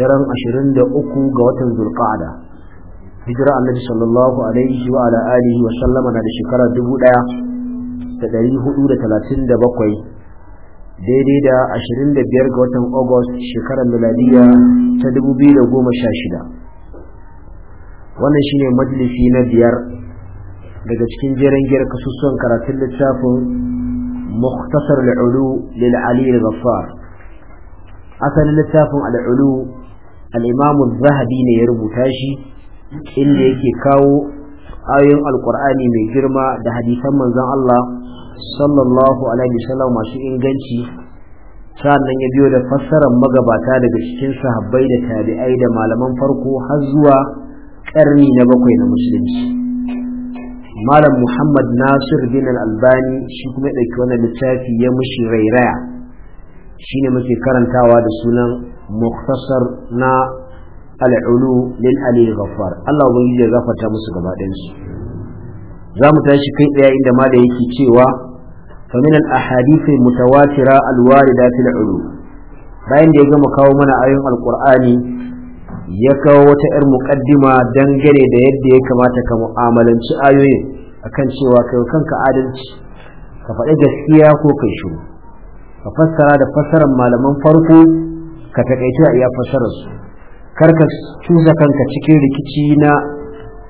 daren 23 ga watan zulqa'ada hijira annabi sallallahu alaihi wa ala alihi wa sallama na da shekara 1437 daidai da 25 ga watan August shekarar miladiya ta 2016 wannan shine majalisi na biyar daga cikin jeren giyar kasusuwan karatun littafin muktasar al'ulu lil ali al-ghaffar asalin littafin al'ulu al'imamu zahabi ne ya rubuta shi inda yake kawo ayoyin alkur'ani mai girma da hadisan manzon Allah sallallahu alaihi wasallam masu inganci sa'annan ya biyo da fassarar magabata daga cikin sahabbai da tabi'ai da malaman farko har zuwa karni na bakwai na musulunci malam muhammad nasir bin albani shi kuma ya ɗauki wannan littafi ya mushi rairaya shine muke karantawa da sunan muktasar na al'ulu lil ali ghaffar Allah ubangiji ya gafarta musu gaba ɗayan su tashi kai tsaye inda ma da yake cewa fa bayan da ya gama kawo mana ayoyin alkur'ani ya kawo wata ‘yar muƙaddima dangane da yadda ya kamata ka mu'amalanci ayoyin akan cewa kai kanka adalci ka faɗi gaskiya ko kai shiru ka fassara da fassarar malaman farko ka takaice a iya fassarar su kar ka cusa kanka cikin rikici na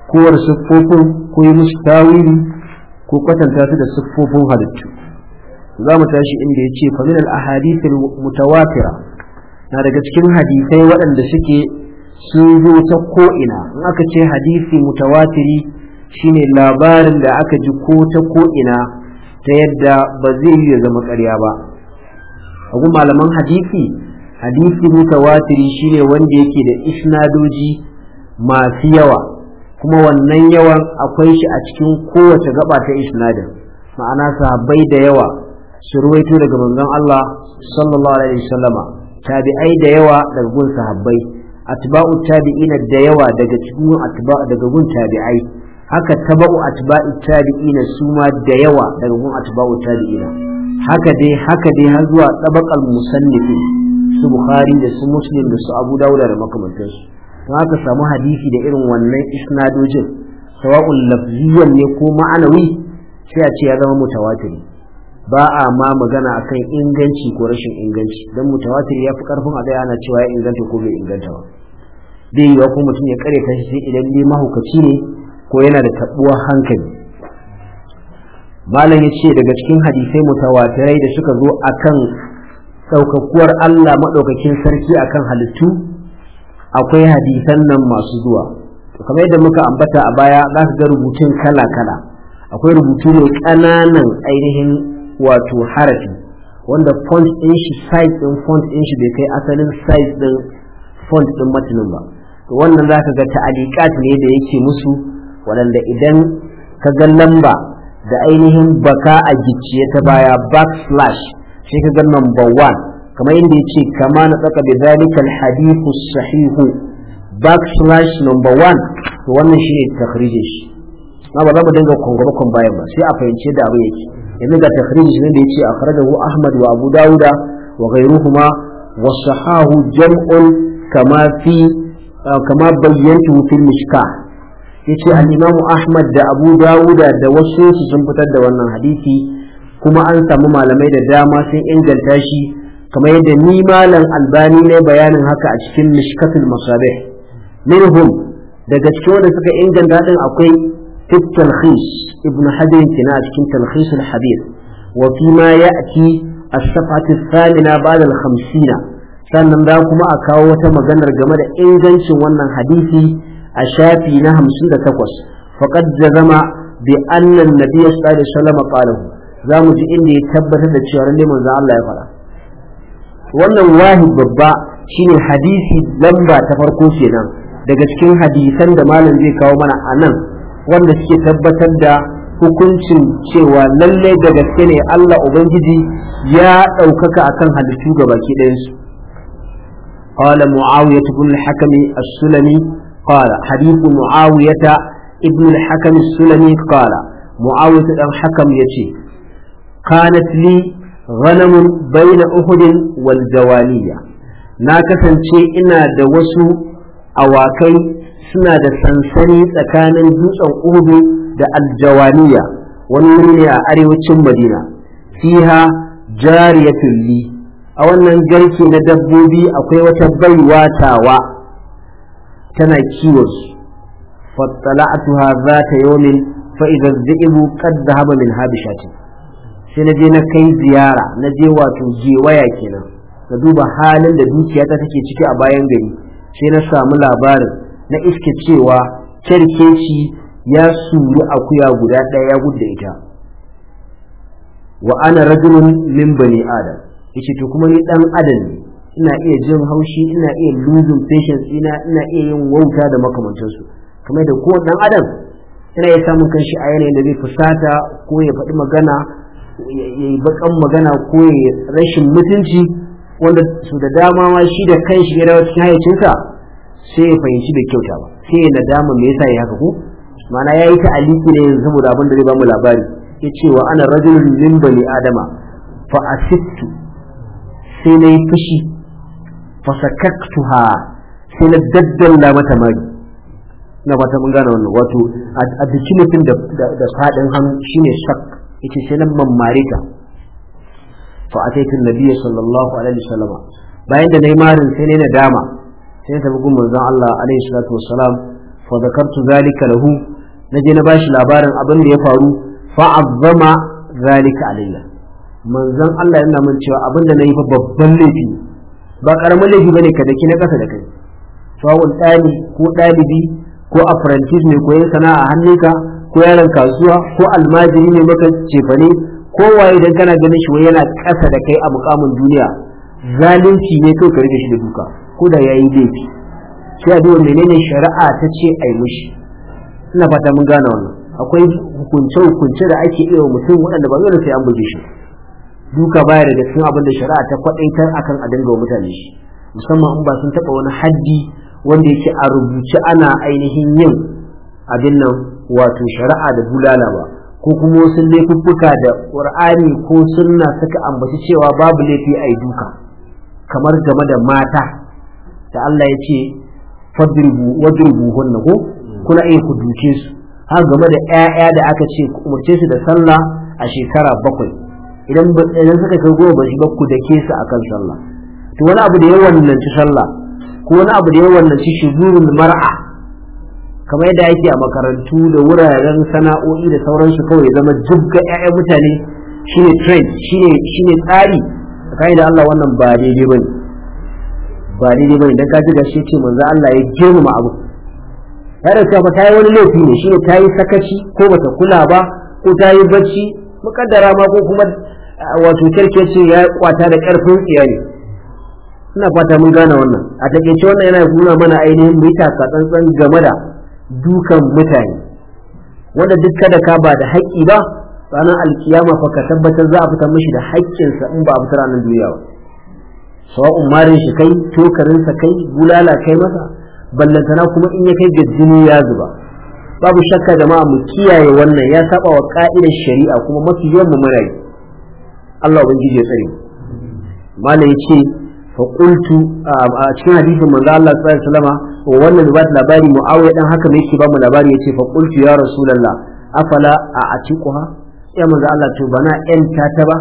kowar siffofin ko yi musu tawili ko kwatanta su da siffofin halittu za mu tashi inda ya ce famin al-ahadith mutawatira na daga cikin hadisai waɗanda suke sun zo ta ko'ina in aka ce hadisi mutawatiri shine labarin da aka ji ko ta ko'ina ta yadda ba zai yi ya zama ƙarya ba a malaman hadisi hadisi mutawatiri shine wanda yake da isnadoji masu yawa kuma wannan yawan akwai shi a cikin kowace gaba ta isnadin ma'ana sahabbai da yawa su ruwaito daga manzon Allah sallallahu alaihi wasallama tabi'ai da yawa daga gun sahabbai atba'u tabi'ina da yawa daga cikin atba'u daga gun tabi'ai haka taba'u atba'u tabi'ina su da yawa daga gun atba'u tabi'ina haka dai haka dai har zuwa tabaqal musannifin su bukhari da su muslim da su abu dawuda da makamantansu don haka samu hadisi da irin wannan isnadojin sawa'un lafziyan ne ko ma'anawi sai a ce ya zama mutawatiri ba a ma magana akan inganci ko rashin inganci don mutawatiri ya fi karfin a ana cewa ya inganta ko bai inganta ba zai yiwa ko mutum ya kare kashi sai idan dai mahaukaci ne ko yana da tabuwar hankali malam ya ce daga cikin hadisai mutawatirai da suka zo a kan. ɗaukakuwar Allah maɗaukakin sarki akan halittu akwai hadisan nan masu zuwa to kamar yadda muka ambata a baya za ka ga rubutun kala kala akwai rubutu ne ƙananan ainihin wato harafi wanda font ɗin shi size ɗin font ɗin shi bai kai asalin size ɗin font ɗin matanin ba to wannan za ka ga ta'alikat ne da yake musu waɗanda idan ka ga lamba da ainihin baka a gicciye ta baya backslash sai ka ga number one kamar yadda ya ce kama na tsaka bi zalikal hadithu sahihu backslash number one to wannan shi ne takhrije shi na ba za mu dinga kwangwabakon bayan ba sai a fahimce da abu yake yanzu ga takhrije shi ne da ya ce akhrajahu ahmad wa abu dawuda wa gairuhuma wa sahahu jam'un kama fi kama bayyantu fil mishkah yace al-imam ahmad da abu dawuda da wasu sun fitar da wannan hadisi kuma an samu malamai da dama sun inganta shi kamar yadda ni malam albani ne bayanin haka a cikin mishkatul masabih minhum daga cikin wanda suka inganta din akwai fit ibn hajar kina a cikin talkhisul habir wa fi ma ya'ti as ath-thamina ba'da al sannan da kuma a kawo wata maganar game da ingancin wannan hadisi a shafi na 58 faqad jazama bi anna an-nabiy sallallahu alaihi wasallam za mu ji inda ya tabbatar da cewa lalle manzon Allah ya faɗa wannan wahid babba shine hadisi lamba ta farko kenan daga cikin hadisan da malam zai kawo mana a nan wanda suke tabbatar da hukuncin cewa lalle da gaske ne Allah Ubangiji ya ɗaukaka akan halittu ga baki ɗayansu. Qala Muawiyah ibn al-Hakami a sulami qala hadithu Muawiyah ibn hakami as-Sulami qala Muawiyah hakami ya ce. kanat li ghanamun baina uhudin wal jawaliya na kasance ina da wasu awakai suna da sansani tsakanin dutsen uhudu da aljawaniya wani ne a arewacin madina fiha jariyatun li a wannan garki na dabbobi akwai wata baiwa tawa tana kiwonsu fattala'atuha za ta yomin fa'idar daibu kad da haba min habishati sai na je na kai ziyara na je wato gewaya kenan na duba halin da dukiyata take ciki a bayan gari sai na samu labarin na iske cewa kyarkeci ya suru akuya guda ɗaya ya gudda ita wa ana rajulun min bani adam yace to kuma ni dan adam ne ina iya jin haushi ina iya losing patience ina ina iya yin wauta da su kamar da ko dan adam ina iya samun kanshi a yanayin da zai fusata ko ya faɗi magana ya yi bakan magana ko ya rashin mutunci wanda su da dama ma shi da kan shi ya cikin hayyacinsa sai ya fahimci da kyauta ba sai ya nadama me yasa ya haka ko mana yi ta aliki ne yanzu saboda abin da zai ba mu labari ce wa ana rajulun min bani adama fa asittu sai na yi fushi fa sakaktuha sai na daddalla mata mari na ta mun gane wannan wato a mutum da da fadin hannu shine shak yace sai nan mammare ta fa ataitu nabiyyi sallallahu alaihi wasallam bayan da nayi marin sai na dama, sai tafi bugun manzon Allah alaihi salatu wassalam fa zakartu zalika lahu naje na bashi labarin abin da ya faru fa azzama zalika alayya manzon Allah yana min cewa abin da nayi fa babban laifi ba karamin laifi bane ka daki na kasa da kai sawun ɗani ko ɗalibi ko apprentice mai koyon sana'a hannunka ko yaron kasuwa ko almajiri ne maka cefane kowaye idan kana ganin shi wai yana kasa da kai a mukamin duniya zalunci ne kai ka rike shi da duka ko da yayi laifi sai a duba menene shari'a ta ce ai mushi ina fata mun gane wannan akwai hukunce hukunce da ake iya mutum waɗanda ba zai sai an buge shi duka baya da cikin abin da shari'a ta kwadaitar akan a dinga mutane shi musamman in ba sun taba wani haddi wanda yake a rubuce ana ainihin yin abin nan wato shari'a da bulala ba ko kuma wasu laifuffuka da ƙur'ani ko sunna suka ambaci cewa babu laifi a duka kamar game da mata da Allah ya ce wadribu hunna ko kuna iya ku duke su har game da 'ya'ya da aka ce ku umarce su da sallah a shekara bakwai idan idan suka kai goma ba shiga ku dake su akan sallah to wani abu da ya ci sallah ko wani abu da nan wallanci shuzurul mar'a kamar yadda ake a makarantu da wuraren sana'o'i da sauransu kawai zama jibga 'ya'yan mutane shine trend shine shine tsari kai da Allah wannan ba daidai bane ba daidai bane dan kaji da shi ce manzo Allah ya girma abu ya da ba ta yi wani laifi ne shine ta yi sakaci ko bata kula ba ko ta yi bacci mukaddara ma ko kuma wato tarke ce ya kwata da karfin iyali ina fata mun gane wannan a takeice wannan yana nuna mana ainihin mu yi tsantsan game da dukan mutane wanda duk kada ka ba da haƙƙi ba ranar alkiyama fa ka tabbatar za a fitar mishi da haƙƙinsa in ba a fitar ranar duniya ba sawa'un marin shi kai sa kai bulala kai masa ballantana kuma in ya kai ga jini ya zuba babu shakka jama'a mu kiyaye wannan ya saba wa ka'idar shari'a kuma mafi yawan mu muna Allah ubangiji ya tsare malam ce fa qultu a cikin hadisin manzo Allah sallallahu alaihi wasallama wannan ba da labari muawiya dan haka yake ba mu labari yace fa qultu ya rasulullah afala a atiquha ya manzo Allah to bana yan ta ba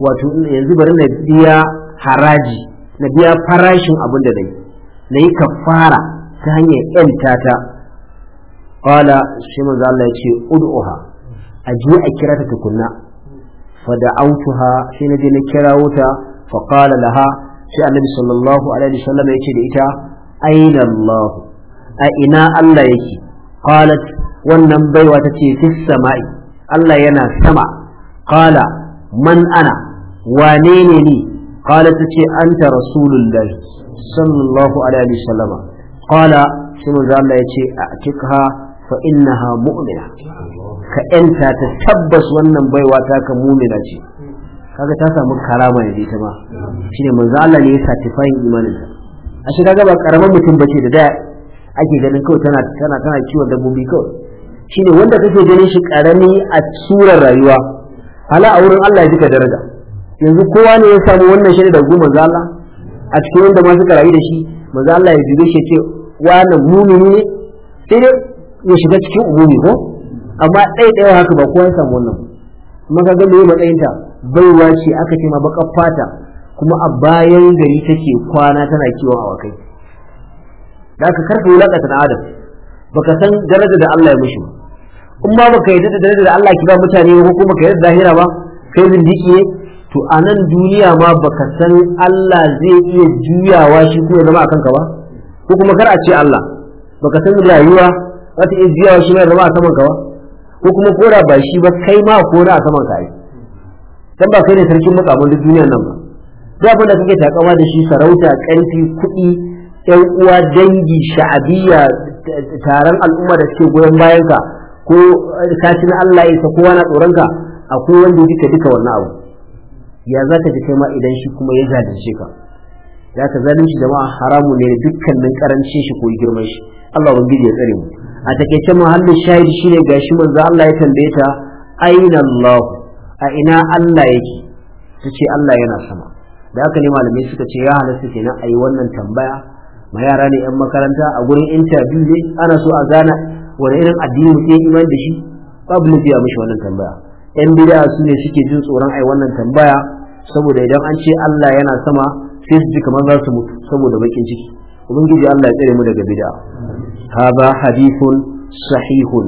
wato yanzu bari na biya haraji na biya farashin abin da dai na yi kafara ta hanyar yan tata qala shi manzo Allah yace ud'uha aje a kira ta tukunna fa da'awtuha sai na je na kirawo ta fa qala laha sai annabi sallallahu alaihi wasallam yace da ita a ina Allah yake qalat wannan baiwa tace fi sama'i Allah yana sama qala man ana wane ne ni qala tace anta rasulullah sallallahu alaihi wasallam qala shi manzo Allah yace atikha fa innaha mu'mina ka yanta ta tabbas wannan baiwata ka mu'mina ce kaga ta samu karama ne ita ne ya imanin a shiga gaba karamar mutum bace da daya ake ganin kawai tana tana tana kiwon dabbobi kawai shine wanda kake ganin shi karami a surar rayuwa hala a wurin Allah ya jika daraja yanzu kowa ne ya samu wannan shi da goma zalla a cikin wanda masu suka da shi manzo Allah ya jibe shi ce wannan mumini ne sai dai ya shiga cikin umumi ko amma ɗaya ɗaya haka ba kowa ya samu wannan maka ga me matsayinta baiwa ce aka ce ma baka fata kuma a bayan gari take kwana tana kiwon awakai da aka karfe wulakata na adam baka san daraja da Allah ya mishi ba in ma baka yarda da daraja da Allah ki ba mutane ko kuma ka yarda zahira ba kai zindiki ne to a nan duniya ma baka san Allah zai iya juyawa shi ko ya zama a kanka ba ko kuma kar a ce Allah baka san rayuwa wata iya juyawa shi ma ya zama a saman ka ba ko kuma kora ba shi ba kai ma kora a saman ka ai dan ba kai ne sarkin mutanen duk duniyar nan ba duk abin da kake takama da shi sarauta ƙarfi kuɗi yan uwa dangi sha'abiyya taron al'umma da suke goyon bayan ka ko kashin Allah ya isa kowa na tsoron ka akwai wanda ya duka duka wannan abu ya za ka ji kai ma idan shi kuma ya zalunce ka za ka zalunci jama'a haramu ne dukkanin karancin shi ko girman shi Allah ubangiji ya tsare mu a takeice muhallin shahid shine gashi manzo Allah ya tambaye ta aina Allah a ina Allah yake tace Allah yana sama da haka ne malamai suka ce ya halasta kenan a yi wannan tambaya ma yara ne 'yan makaranta a gurin interview ne ana so a gana wani irin addini mutum iman da shi babu nufi a mishi wannan tambaya 'yan bid'a su ne suke jin tsoron a yi wannan tambaya saboda idan an ce Allah yana sama sai su ji kamar za su mutu saboda bakin ciki ubangiji Allah ya tsare mu daga bid'a haba hadithun sahihun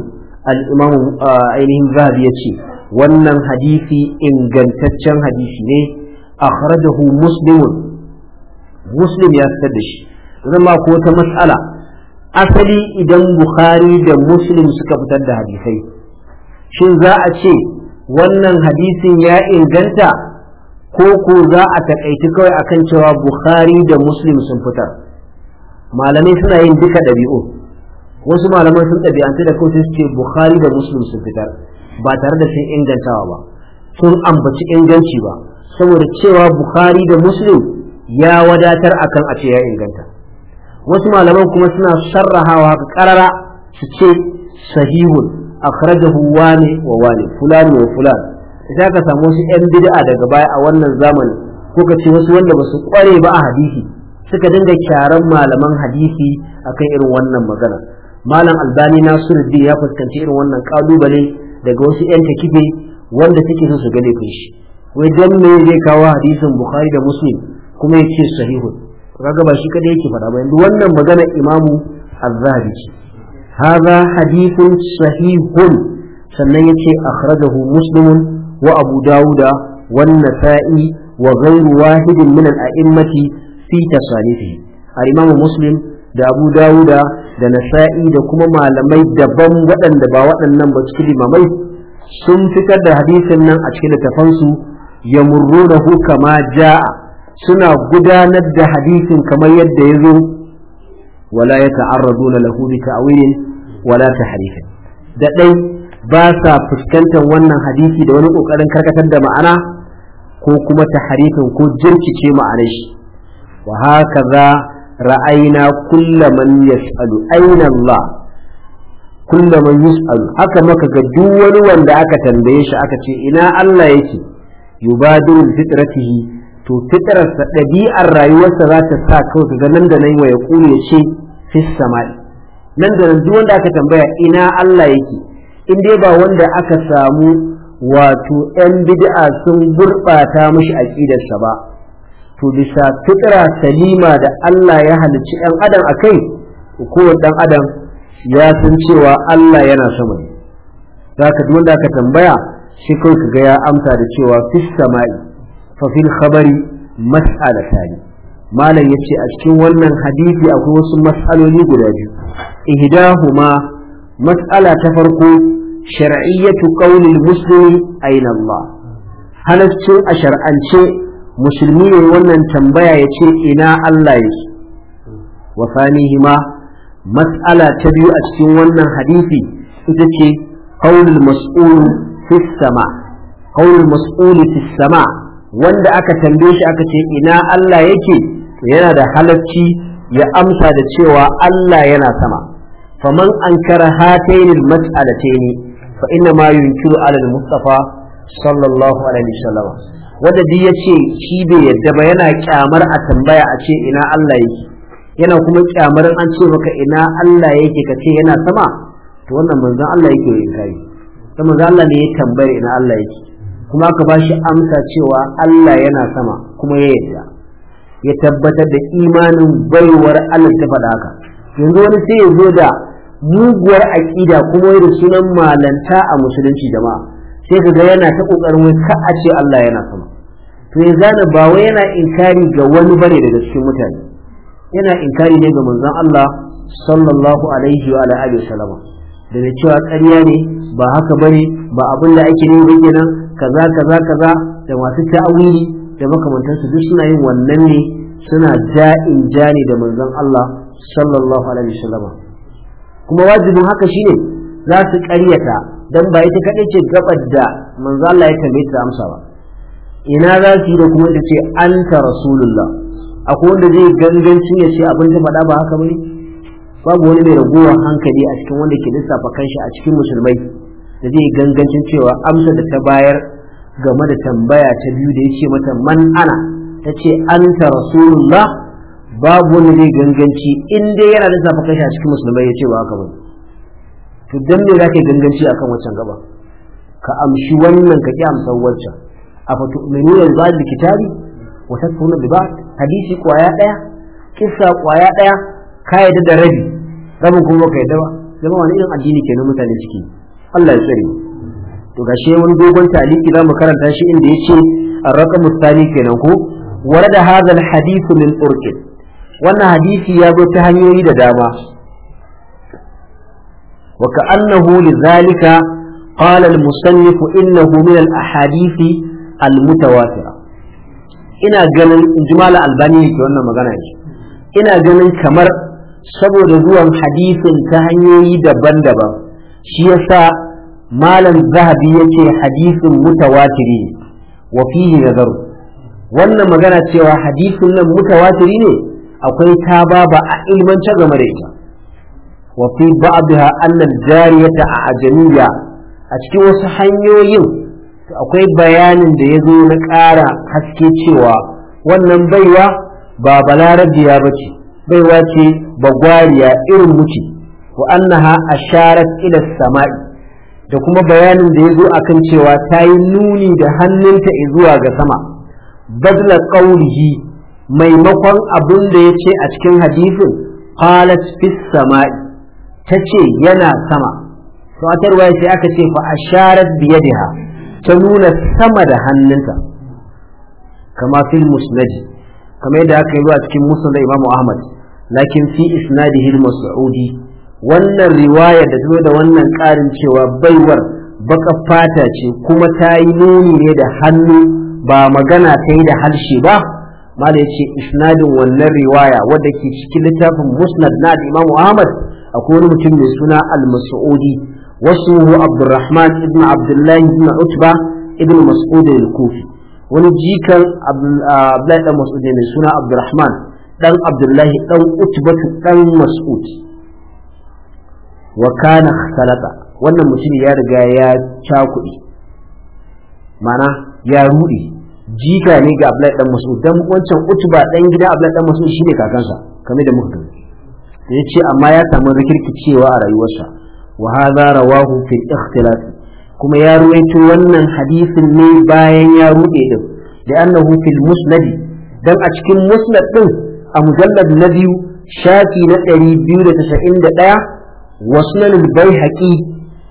al-imam ah, ainihin zahabi ce. wannan hadisi ingantaccen hadisi ne akhrajahu muslim ya fitar da shi zan ko ta matsala asali idan bukhari da muslim suka fitar da hadisai shin za a ce wannan hadisin ya inganta ko ko za a takaici kawai akan cewa bukhari da muslim sun fitar malamai suna yin duka ɗabi'u wasu malamai sun ɗabi'antu da kawai su ce da muslim sun fitar ba tare da sun ingantawa ba sun ambaci inganci ba saboda cewa bukhari da muslim ya wadatar akan a ce ya inganta wasu malaman kuma suna sarrahawa ga karara su ce sahihun akhrajahu wane wa wane fulani wa fulani sai ka samu wasu yan bid'a daga baya a wannan zamani ko ka ce wasu wanda ba su kware ba a hadisi suka dinga kyaran malaman hadisi akan irin wannan magana malam albani nasiruddin ya fuskanci irin wannan kalubale daga wasu yan takibe wanda take so su gane laifin shi wai dan me zai kawo hadisin bukhari da muslim kuma ya ce sahihun kaga ba shi kada yake faɗa ba yanzu wannan magana imamu azzabi ce hadha hadithun sahihun sannan yace akhrajahu muslimun wa abu dauda wan nasa'i wa ghayru wahidin min al-a'immati fi tasanifihi al-imamu muslim da abu dauda da nasa'i da kuma malamai daban waɗanda ba waɗannan ba cikin limamai sun fitar da hadisin nan a cikin littafansu ya murrunahu kama ja'a suna gudanar da hadisin kamar yadda ya zo wala ya ta'arraduna na bi ta'wilin wala tahrifin da dai ba sa fuskantar wannan hadisi da wani kokarin karkatar da ma'ana ko kuma tahrifin ko jirkice ma'anar shi wa hakaza ra'ayna kullaman yas'alu aina Allah kullum man yus'al haka maka ga duk wani wanda aka tambaye shi aka ce ina Allah yake yubadiru fitratihi to fitrarsa ɗabi'ar rayuwarsa za ta sa kawai ga nan da nan wa ya kure ce fi sama'i nan da nan duk wanda aka tambaya ina Allah yake in dai ba wanda aka samu wato yan bid'a sun gurɓata mishi aqidarsa ba to bisa fitra salima da Allah ya halicci yan adam akai ko dan adam ya san cewa Allah yana sama ne zaka duk wanda aka tambaya shi kai ga ya amsa da cewa fis sama'i fa fil khabari mas'alatani malam yace a cikin wannan hadisi akwai wasu mas'aloli guda biyu ihdahuma mas'ala ta farko shar'iyyatu qawli muslimi aina Allah halaccin a shar'ance musulmi ne wannan tambaya yace ina Allah yake wa sanihima mas'ala ta biyu a cikin wannan hadisi ita ce qaulul mas'ul fi sama qaulul mas'ul wanda aka tambaye shi aka ce ina Allah yake to yana da halacci ya amsa da cewa Allah yana sama Fa faman ankara hatayn al mas'alatayn fa inna ma yunkiru ala al mustafa sallallahu alaihi wasallam wanda duk yace shi bai yarda ba yana kyamar a tambaya a ce ina Allah yake yana kuma kyamar an ce maka ina Allah yake ka ce yana sama to wannan manzon Allah yake yin kai To manzon Allah ne ya tambaye ina Allah yake kuma aka ba shi amsa cewa Allah yana sama kuma ya yarda ya tabbatar da imanin baiwar Allah ta faɗa haka yanzu wani sai ya zo da muguwar aƙida kuma da sunan malanta a musulunci jama'a sai ka ga yana ta ƙoƙarin wai ka a ce Allah yana sama to ya zana ba wai yana inkari ga wani bane daga cikin mutane yana inkari ne ga manzon Allah sallallahu alaihi wa alihi wasallam da da cewa ƙarya ne ba haka bane ba abin da ake nemi kenan kaza kaza kaza da masu ta'awili da makamantansu duk suna yin wannan ne suna ja'in jani da manzon Allah sallallahu alaihi wasallam kuma wajibin haka shine za su ƙaryata dan ba ita kaɗai ce gabar da manzon Allah ya tambaye ta amsa ba ina za su yi da kuma ita ce anta rasulullah akwai wanda zai ganganci ya ce abin da faɗa ba haka bane babu wani mai ragowar hankali a cikin wanda ke lissafa kanshi a cikin musulmai da zai gangancin cewa amsa da ta bayar game da tambaya ta biyu da ya ce mata man ana ta ce anta rasulullah babu wani zai ganganci in dai yana lissafa kanshi a cikin musulmai ya ce ba haka bane to dan me zaka ganganci akan wancan gaba ka amshi wannan ka ki amsa wancan a fatu menene zalil kitabi wa suna bi ba hadisi kwaya daya kissa kwaya daya ka yadda da rabi rabin kuma ka yadda ba zama wani irin addini kenan mutane suke Allah ya tsare to gashe wani dogon taliki zamu karanta shi inda yace ar-raqam ath-thani kenan ko warada hadha al-hadith min turkin wannan hadisi ya zo ta hanyoyi da dama وكأنه لذلك قال المصنف إنه من الأحاديث المتواترة ina ganin jimala albani ke wannan magana ina ganin kamar saboda zuwan hadisin ta hanyoyi daban-daban shi yasa malam zahabi yake hadisin mutawatiri wa fihi nazaru wannan magana cewa hadisin nan mutawatiri ne akwai ta ba a ilmance game da ita wa fi ba'daha anna jariyata a ajamiya a cikin wasu hanyoyin akwai bayanin da ya zo na ƙara haske cewa wannan baiwa ba balarabiya ba ce baiwa ce bagwariya irin muke wa annaha asharat ila sama'i da kuma bayanin da ya zo a kan cewa ta yi nuni da hannunta zuwa ga sama badla qawlihi maimakon abin da ya ce a cikin hadisin qalat fi sama'i tace yana sama to a tarwaye sai aka ce fa asharat biyadiha ta nuna sama da hannunta kama fil musnadi kamar yadda aka yi zuwa cikin musnad da imamu ahmad lakin fi isnadihi al-mas'udi wannan riwaya da zuwa da wannan karin cewa baiwar baka fata ce kuma ta yi nuni ne da hannu ba magana ta yi da harshe ba mala ce isnadin wannan riwaya wadda ke cikin littafin musnad na imamu ahmad akwai wani mutum mai suna al-mas'udi واسمه عبد الرحمن ابن عبد الله ابن عتبة ابن مسعود الكوفي ونجيك عبد الله مسعود سنة عبد الرحمن دان عبد الله دان عتبة دان مسعود وكان اختلط wannan mutum ya riga ya cakuɗi mana ya ruɗe jika ne ga Abdullahi dan Mas'ud dan wancan utuba dan gida Abdullahi dan Mas'ud shine kakansa kamar da muka gani ya ce amma ya samu rikirkicewa a rayuwarsa wa hadha rawahu fi ikhtilaf kuma ya ruwaito wannan hadisin ne bayan ya rude din da annahu fil musnad dan a cikin musnad din a mujallar na biyu shafi na 291 wa sunan al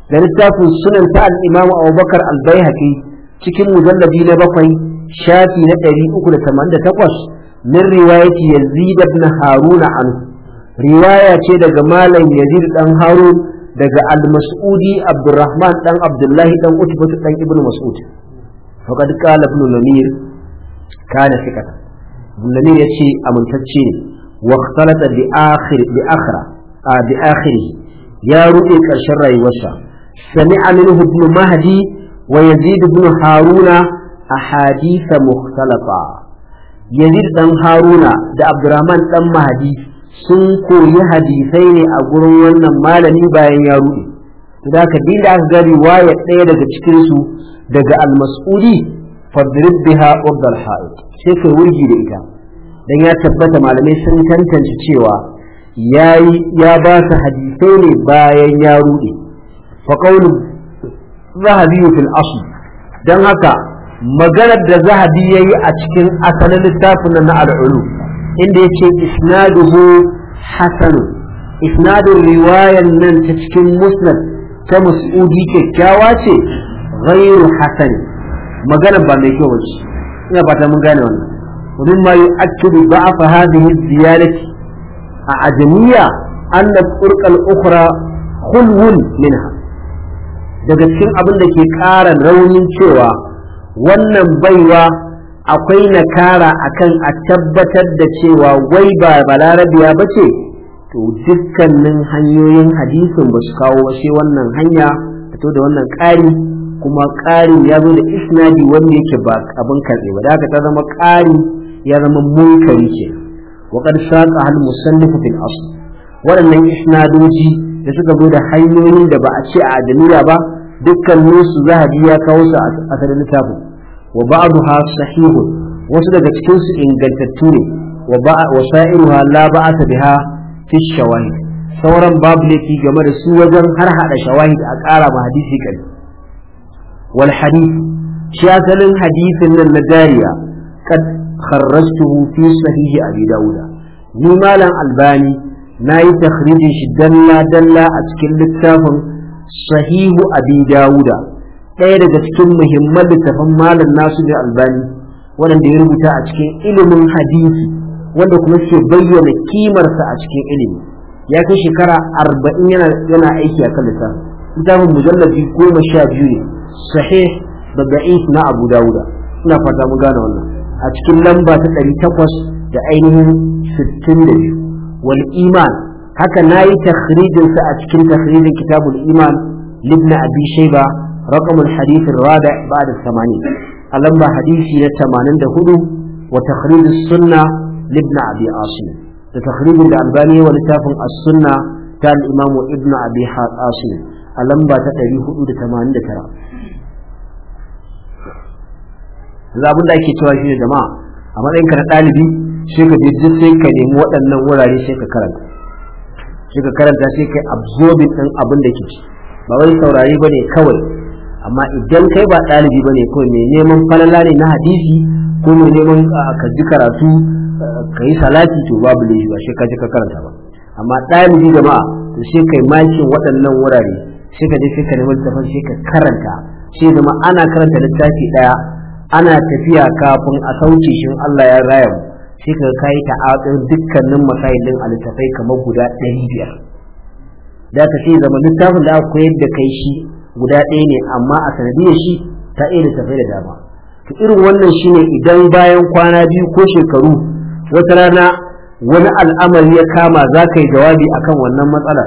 da littafin sunan ta imam Abubakar al cikin mujalladi na bakwai shafi na 388 min riwayati yazid ibn harun an riwaya ce daga malam yazid ɗan harun daga al-mas'udi abdurrahman dan abdullahi dan utbatu dan ibnu mas'ud faqad qala ibn lamir kana sikata ibn lamir yace amintacce ne wa ikhtalata bi akhir bi akhra bi akhiri ya rufe karshen rayuwarsa sami'a minhu ibn mahdi wa yazid ibn haruna ahadith mukhtalafa yazid dan haruna da abdurrahman dan mahdi sun koyi hadisai ne a gurin wannan malami bayan ya rude to da ka dinda aka ga riwaya ɗaya daga cikin su daga al-mas'udi fadrib biha urdal ha'id sai kai wurgi da ita dan ya tabbata malamai sun tantance cewa yayi ya ba su hadisai ne bayan ya rude fa qawlu zahabi fil asl dan haka maganar da zahabi yayi a cikin asalin littafin na al-ulum inda yace isnaduhu hasanu isnadun riwaya nan ta cikin musnad ta mas'udi kyakkyawa ce ghairu hasan magana ba mai kyau bace ina ba ta mun gane wannan ومن ما يؤكد ضعف هذه الزيادة أعجمية أن الطرق الأخرى خلو منها daga cikin abin da ke ƙara raunin cewa wannan baiwa akwai nakara akan a tabbatar da cewa wai ba balarabiya ba ce to dukkanin hanyoyin hadisin ba su kawo ba sai wannan hanya to da wannan ƙari kuma kari ya zo da isnadi wanda yake ba abin karɓe ba da haka ta zama ƙari ya zama munkari ke wa qad saqa al musannif fil asl waɗannan isnadoji da suka zo da hanyoyin da ba a ce a adalila ba dukkan su zahabi ya kawo su a asalin littafin wa ba'daha sahihun wasu daga cikinsu ingantattu ne wa ba'a wa sa'iruha la ba'ata biha fi sauran babu laifi game da su wajen har hada shawahid a ƙara ma hadisi kai wal hadith shi asalin nan na dariya kad kharrajtuhu fi sahih abi dauda ni malam albani nayi takhrijin shi dalla dalla a cikin littafin sahihu abi dauda ɗaya daga cikin muhimman littafin malam nasu da albani waɗanda ya rubuta a cikin ilimin hadisi wanda kuma ke bayyana kimarsa a cikin ilimi ya kai shekara arba'in yana aiki a kan littafin littafin mujallabi goma sha biyu ne sahih da da'if na abu dawuda ina fata mun gane wannan a cikin lamba ta ɗari takwas da ainihin sittin da biyu wal iman haka na yi takhrijinsa a cikin takhrijin kitabul iman libna abi shaiba رقم الحديث الرابع بعد الثمانين ألمبا حديثي الثمانين دهدو وتخريج السنة لابن أبي عاصم تخريج الألباني ولتاف السنة كان الإمام ابن أبي عاصم ألمبا تتريه هدو ثمانين دهترا zabun da ake cewa shi jama'a a matsayinka na ɗalibi sai ka je duk sai ka nemi waɗannan wurare sai ka karanta sai ka karanta sai ka absorbing ɗin abin da ke ba wai saurari ba ne kawai amma idan kai ba ɗalibi ba ne kawai mai neman falala ne na hadisi ko mai neman ah, ka ji karatu ah, ka yi salati to babu laifi ba sai ka ji ka karanta ba amma ɗalibi jama'a to sai kai maki waɗannan wurare sai ka je sai ka nemi littafin sai ka karanta sai zama ana karanta littafi ɗaya ana tafiya kafin a sauke shi Allah ya raya mu sai ka kai ta'aƙin dukkanin masailin a littafai kamar guda ɗari biyar da ka sai zama littafin da aka koyar da kai shi guda ɗaya ne amma a sanadiyar shi ta iya littafai da dama to irin wannan shi ne idan bayan kwana biyu ko shekaru wata rana wani al'amari ya kama za ka yi jawabi akan wannan matsala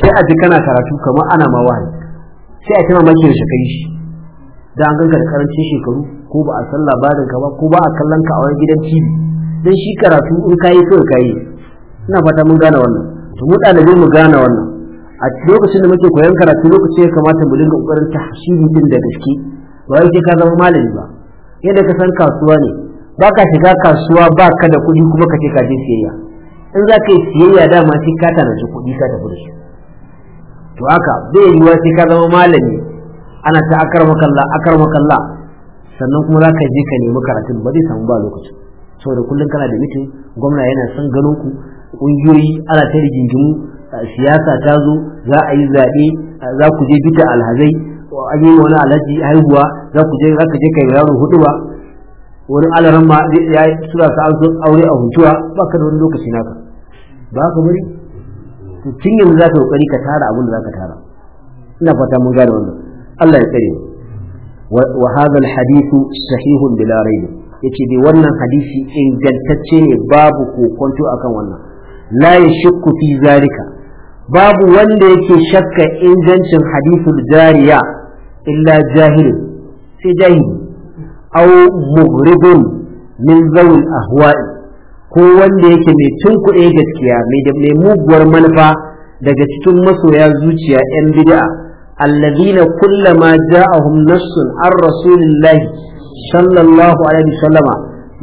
sai a ji kana karatu kamar ana ma wahayi sai a tana maki da shakai shi da an ganka da karancin shekaru ko ba a san labarin ka ba ko ba a kallon ka a wani gidan tv dan shi karatu in kayi kawai kayi ina fata mun gane wannan to mu ɗalibai mu gane wannan a lokacin da muke koyon karatu lokaci ya kamata mu dinga kokarin tahsili din da gaske ba yake ka zama malami ba yadda ka san kasuwa ne ba ka shiga kasuwa ba ka da kuɗi kuma ka ce ka je siyayya in za ka yi siyayya dama sai ka tanaji kuɗi ka tafi da shi to haka zai yiwuwa sai ka zama malami ana ta akarmakalla Allah sannan kuma za ka je ka nemi karatun ba zai samu ba lokacin saboda kullum kana da mutum, gwamna yana son ganin ku ƙungiyoyi ana ta rigingimu siyasa ta zo za a yi zaɓe za ku je bita alhazai an yi wani alhaji haihuwa za ku je za ka je kai yaro hudu ba wani alaran ma ya sura sa an so aure a hutuwa ba ka da wani lokaci naka ba ka bari to tun yanzu za ka kokari ka tara abin da za ka tara ina fata mun gane wannan Allah ya tsare wa hadha al-hadith sahihun bila rayb yace dai wannan hadisi ingantacce ne babu kokonto akan wannan la yashukku fi zalika babu wanda yake shakka ingancin hadithul jariya illa jahil sai jahili aw mughribun min zawil ahwa'i ko wanda yake mai tunkuɗe gaskiya mai muguwar manufa daga cikin masoya zuciya yan bid'a allazina kullama ja'ahum nassun an rasulillahi sallallahu alaihi wasallama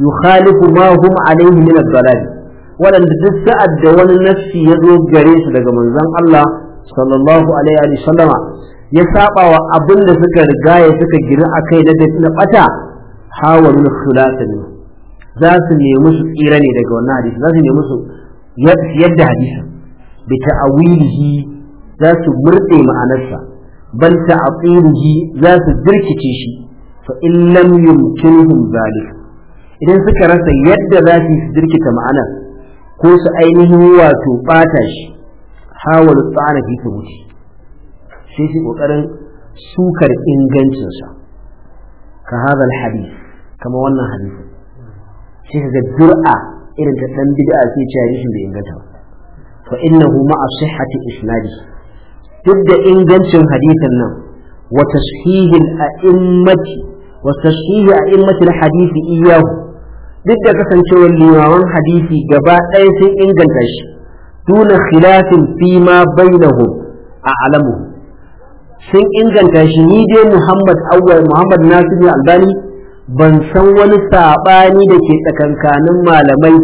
yukhalifu ma hum alaihi min ad waɗanda duk sa'ad da wani nafsi ya zo gare su daga manzon Allah sallallahu alaihi wa sallama ya saba wa abin da suka riga ya suka gina kai na na bata hawalul khulatin za su nemi su tsira ne daga wannan hadisi za su nemi su yadda hadisi bi ta'awilihi za su murde ma'anarsa bal ta'atilihi za su dirkice shi fa in lam yumkinhum zalika idan suka rasa yadda za su jirkita ma'anar ko su ainihin wato bata shi hawal tsara fi thubuti sai su kokarin sukar ingancinsa ka hadha hadith kama wannan hadisi sai kaga jur'a irin ta dan bid'a sai ce hadisin da inganta ba fa innahu ma'a sihhati isnadi duk da ingancin hadisin nan wa tashihi al-a'immati wa tashihi a'immati al-hadisi iyyahu duk da kasancewar limaman hadisi gaba ɗaya sun inganta shi tuna khilafin fima ma a alamu sun inganta shi ni dai Muhammad Awwal Muhammad Nasiru Albani ban san wani saɓani da ke tsakankanin malamai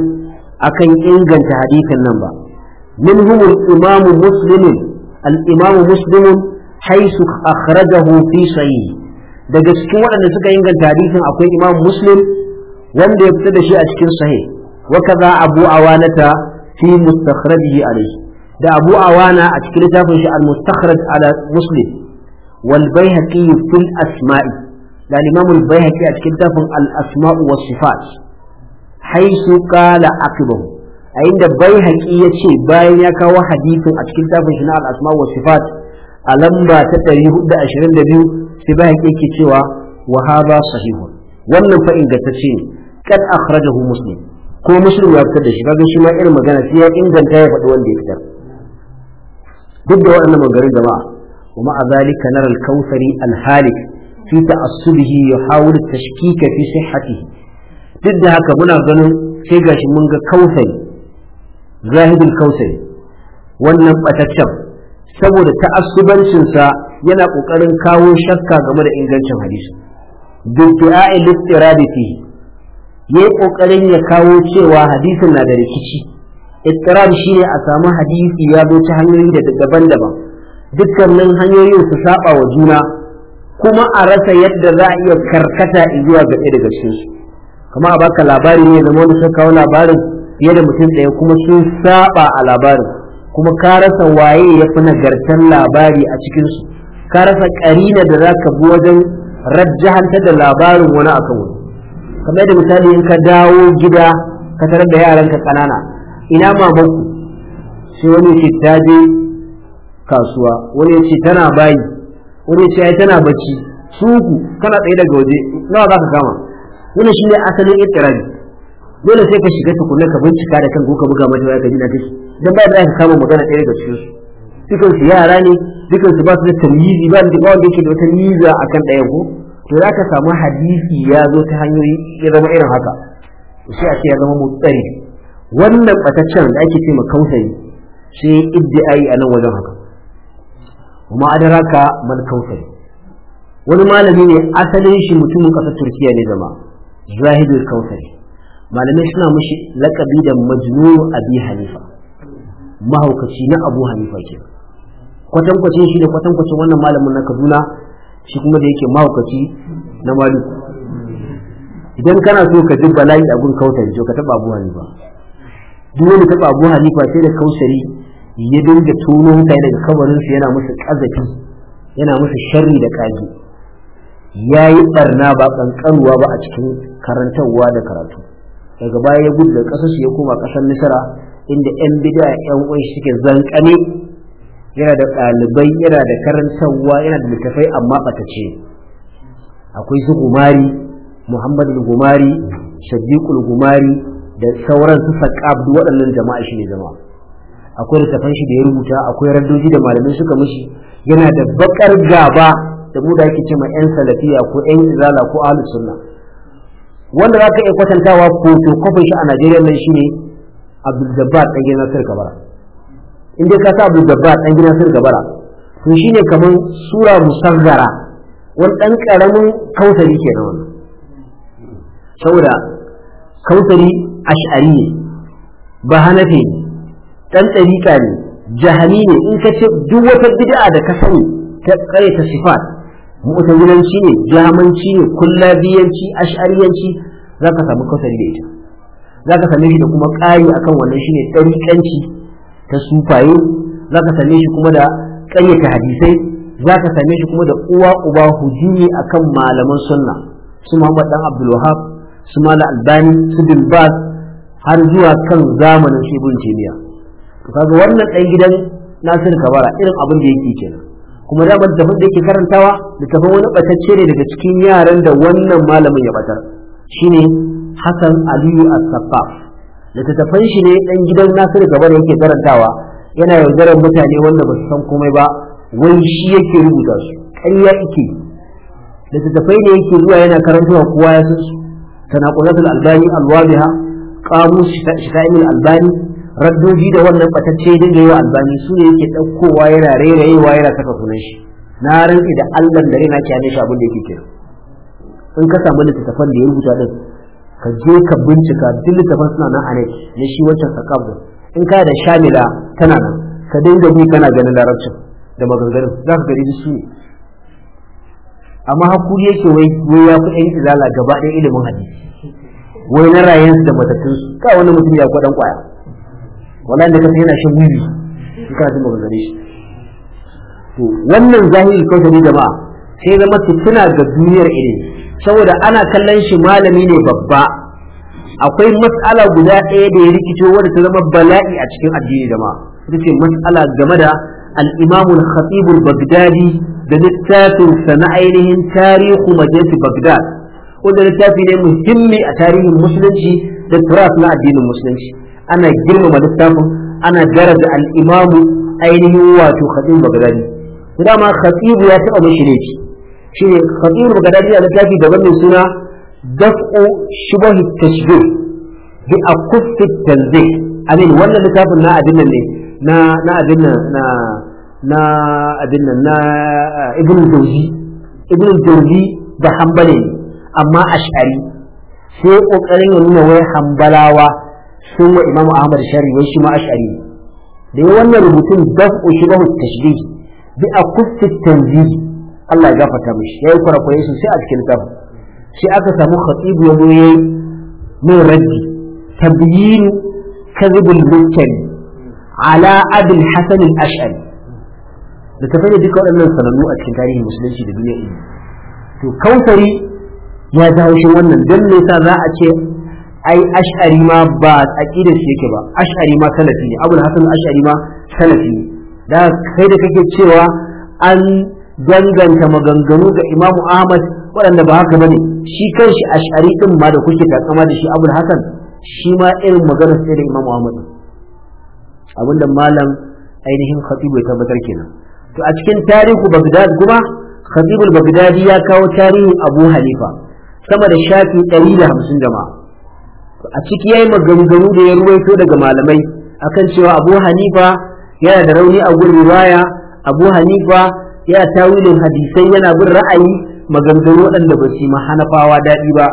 akan inganta hadisin nan ba منهم الإمام مسلم الإمام مسلم حيث أخرجه في صحيح daga cikin waɗanda suka inganta hadisin akwai imam muslim wanda ya fita da shi a cikin sahi wa kaza abu awanata fi mustakhrajihi alayhi da abu awana a cikin littafin shi al-mustakhraj ala muslim wal bayhaqi fil asma'i da imam al-bayhaqi a cikin littafin al-asma'u was sifat haisu qala aqibahu a inda bayhaqi ya ce bayan ya kawo hadisin a cikin littafin shi na al-asma'u was sifat a lamba ta 422 sai bayhaqi yake cewa wa hadha sahihun wannan fa ingantacce ne kad akhrajahu muslim ko muslim ya fitar da shi kaga shi ma irin magana sai ya inganta ya faɗi wanda ya fitar duk da waɗannan magarin jama'a kuma ma'a zalika nara al-kautsari al-halik fi ta'assubihi yuhawil tashkika fi sihhatihi duk da haka muna ganin sai gashi mun ga kautsari zahidul kautsari wannan bataccen saboda ta'assubancinsa yana kokarin kawo shakka game da ingancin hadisi bid'a al-istiradi ya yi ƙoƙarin ya kawo cewa hadisin na da rikici ittirab ne a samu hadisi ya zo ta hanyoyi da daban-daban dukkanin hanyoyin su saba wa juna kuma a rasa yadda za a iya karkata zuwa ga ɗaya daga cikin su kuma a baka labari ne zama wani sun kawo labarin fiye da mutum ɗaya kuma sun saba a labarin kuma ka rasa waye ya fi nagartar labari a cikin su ka rasa ƙarina da za ka bi wajen rajjahanta da labarin wani akan wani kamar da misali in ka dawo gida ka tarar da yaranka kanana ina mamanku sai wani ce ta je kasuwa wani ce tana bayi wani ce ai tana bacci suku kana tsaye daga waje nawa za ka kama Wani shi ne asalin ittirabi dole sai ka shiga tukunna ka bincika da kan ka buga mata waya ka ji na take dan ba za ka kama magana ɗaya daga cikin su dukansu yara ne dukansu ba su da tarihi ba da ba wanda yake da wata a akan ɗayan ko to za ka samu hadisi ya zo ta hanyoyi ya zama irin haka shi a ce ya zama mutsari wannan bataccen da ake ce kausari shi iddi'ai a nan wajen haka kuma adaraka man kausari wani malami ne asalin shi mutumin ƙasar turkiya ne zama zahidul kausari malamai suna mushi lakabi da majnunu abi hanifa mahaukaci na abu hanifa ke kwatankwacin shi da kwatankwacin wannan malamin na kaduna shi kuma da yake mahaukaci na malu idan kana so ka ji bala'i a gun kautari to ka taba abu hanifa duk wani taba abu hanifa sai da kausari ya dinga tono mutane da kabarin su yana musu kazafi yana musu sharri da kage ya yi barna ba kankanuwa ba a cikin karantarwa da karatu daga baya ya gudu da kasashe ya koma kasar nisara, inda yan bid'a yan uwan suke zankane yana da ɗalibai yana da karantarwa yana da littafai amma ce akwai su gumari muhammadu gumari sadiqul gumari da sauran su duk waɗannan jama'a shi ne zama akwai littafan shi da ya rubuta akwai radoji da malamai suka mishi yana da baƙar gaba da mu da ake cewa yan salafiya ko yan izala ko ahlus sunna wanda zaka iya kwatantawa ko to kofin shi a Najeriya nan shine Abdul Jabbar dan gidan Nasir Kabara in dai ka sa abu gaba dan gidan sun gabara to shine kaman sura musazzara wani dan karamin kautari kenan wannan saboda kautari ash'ari ne ba hanafi ne dan dariƙa ne jahami ne in ka ce duk wata bid'a da ka sani ta kare ta sifat mu'tazilanci ne jahamanci ne kullabiyanci ash'ariyanci zaka samu kautari da ita ka same shi da kuma ƙari akan wannan shine dariƙanci ta sufaye za ka same shi kuma da ƙaryata hadisai za ka same shi kuma da uwa uba a akan malaman sunna su Muhammad dan Abdul Wahab su Mala Albani su Bin Bas har zuwa kan zamanin shebun Ibn to kaga wannan ɗan gidan Nasir Kabara irin abin da yake kenan kuma da ban da yake karantawa da tafin wani batacce ne daga cikin yaran da wannan malamin ya batar shine hasan Aliyu As-Saffaf littattafan shi ne dan gidan Nasiru gaba da yake karantawa yana yaudarar mutane wanda ba su san komai ba wai shi yake rubuta su ƙarya yake littattafai ne yake zuwa yana karantawa kowa ya san su tanaqulatul albani alwabiha qamus shita'il albani raddoji da wannan batacce dinga yawa albani su ne yake daukowa yana rairayewa yana saka sunan shi na rantsi da Allah da raina ke ne shi abin da yake kira in ka samu littattafan da ya rubuta din ka je ka bincika duk littafin suna nan a ne na shi wancan sakab din in ka da shamila tana nan ka dinga bi kana ganin larabcin da maganganun za ka gari su ne amma hakuri yake wai wai ya fi ɗan izala gaba ɗaya ilimin hadisi wai na rayansu da matattunsu ka wani mutum ya kwaɗan kwaya wallahi da kasa yana shan wiwi in kana jin maganganun shi to wannan zahiri kawai jama'a sai zama tuna ga duniyar ilimi saboda ana kallon shi malami ne babba akwai matsala guda ɗaya da ya rikice wadda ta zama bala'i a cikin addini jama'a ita ce matsala game da al-imamu al al-baghdadi da littafin na ainihin tarihu majalisi baghdad wanda littafi ne muhimmi a tarihin musulunci da turas na addinin musulunci ana girmama littafin ana daraja al-imamu ainihin wato khatib baghdadi dama khatibu ya taɓa mashi laifi shine khatib al-gadadi a littafi daban mai suna daf'u shubahi tashbih bi akufi tanzih amin wannan littafin na abin nan ne na na abin na na abin nan na eh, ibnu jawzi ibnu jawzi ba hanbali amma ash'ari sai kokarin ya nuna wai hanbalawa sun wa imamu ahmad shari wai shi ma ash'ari da yi wannan rubutun daf'u shubahi tashbih bi akufi tanzih Allah ya gafarta mishi yayi kurakurai sai a cikin littafin shi aka samu khatibu ya zo min raddi tabyin kadhibul muttali ala abul hasan al-ash'ari da tafai da duka waɗannan sanannu a cikin tarihin musulunci da duniya ilimi to kautari ya ji haushin wannan don me yasa za a ce ai ash'ari ma ba aqidar shi yake ba ash'ari ma salafi ne abul hasan ash'ari ma salafi ne da kai da kake cewa an danganta maganganu ga imamu ahmad waɗanda ba haka bane shi kanshi ash'ari din ma da kuke takama da shi abul hasan shi ma irin magana sai da imamu ahmad abinda malam ainihin khatib ya tabbatar kenan to a cikin tarihu bagdad kuma khatib bagdadi ya kawo tarihin abu halifa sama da shafi 150 jama'a a ciki yayi maganganu da ya ruwaito daga malamai akan cewa abu hanifa yana da rauni a gurin riwaya abu hanifa Ya tawilin hadisai yana bin ra'ayi maganganu waɗanda ba su ma hanafawa daɗi ba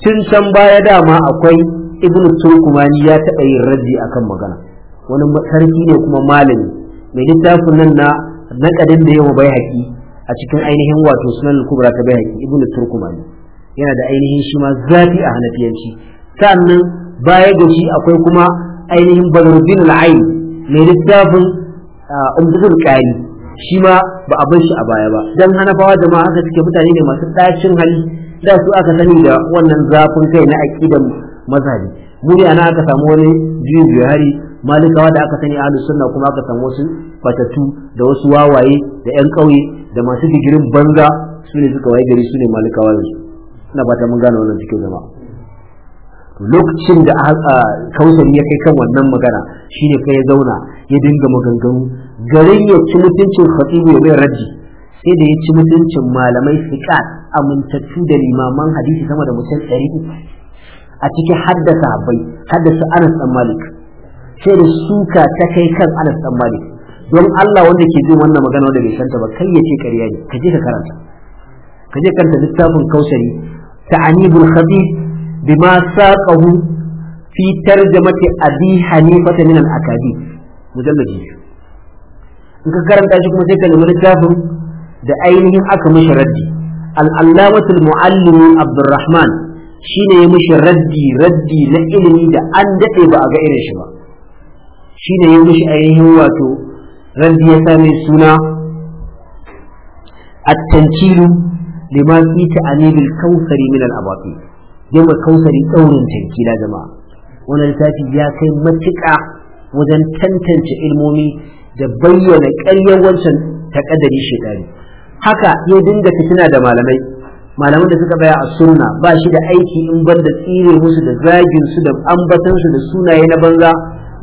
tun can baya dama akwai ibnu turkumani ya taɓa yin raddi akan magana wani sarki ne kuma malami mai littafin nan na naƙadin da yawa bai haƙi a cikin ainihin wato sunan kubra ta bai haƙi ibnu turkumani yana da ainihin shi ma zafi a hanafiyanci sannan baya ga shi akwai kuma ainihin balaruddin al'ain mai littafin ah, umdudul qari shi ma ba a bar shi a baya ba dan hanafawa da ma haka suke mutane ne masu ɗacin hali da su aka sani da wannan zafin kai na aqidan mazhabi mu ana aka samu wani juyin bihari malikawa da aka sani ahlus suna kuma aka samu wasu fatatu da wasu wawaye da yan ƙauye da masu digirin banza su ne suka waye gari su ne malikawa yanzu ina fata mun gane wannan cikin jama'a lokacin da kausari ya kai kan wannan magana shine kai ya zauna ya dinga maganganu garin ya ci mutuncin khatibu ya bai raji sai da ya ci mutuncin malamai fiqat amintattu da limaman hadisi sama da mutum 300 a cikin haddasa ana haddasa Anas dan Malik sai da suka ta kai kan Anas dan Malik don Allah wanda ke jin wannan magana wanda bai santa ba kai ya ce ƙarya ne ka je ka karanta ka je karanta littafin Kausari ta'anibul khatib bima saqahu fi tarjamati abi hanifata min al-akadi mujallad in ka karanta shi kuma sai ka nemi littafin da ainihin aka mishi raddi al'allamatul mu'allimi abdurrahman shi ne ya mishi raddi raddi na ilimi da an daɗe ba a ga irin shi ba shi ne ya mishi ainihin wato raddi ya same suna at-tankilu lima fi ta'anibil kausari min al-abaqi yamma kausari daurin tankila jama'a wannan littafi ya kai matuƙa wajen tantance ilmomi da bayyana ƙaryar wancan takaddari shedani haka ya dinga fitina da malamai malaman da suka baya a sunna ba shi da aiki in ban da tsire musu da zagin su da ambatan su da sunaye na banza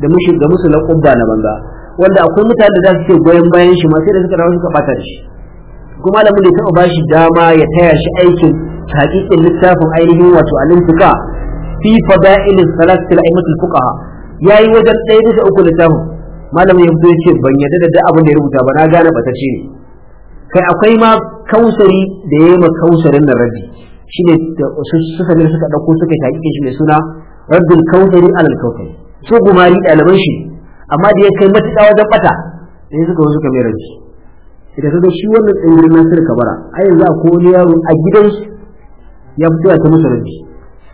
da mushi ga musu laƙubba na banza wanda akwai mutane da za su ce goyon bayan shi ma sai da suka dawo suka bata shi kuma malamin da ya taɓa ba shi dama ya taya shi aikin hakikin littafin ainihin wato al-intiqa fi fada'il salat al fuqaha yayi wajen ɗaya bisa uku littafin malamin ya fito ya ce ban yarda da duk abin da ya rubuta ba na gane batacce ne kai akwai ma kausari da ya yi ma kausarin nan rabi ne suka ne suka dauko suka ta shi mai suna raddul kausari alal kausari su gumari ɗaliban shi amma da ya kai matuƙa wajen bata da ya suka suka mai rabi idan kaga shi wannan tsingirin ka Kabara a yanzu a wani yaro a gidan ya fito ya ta musu rabi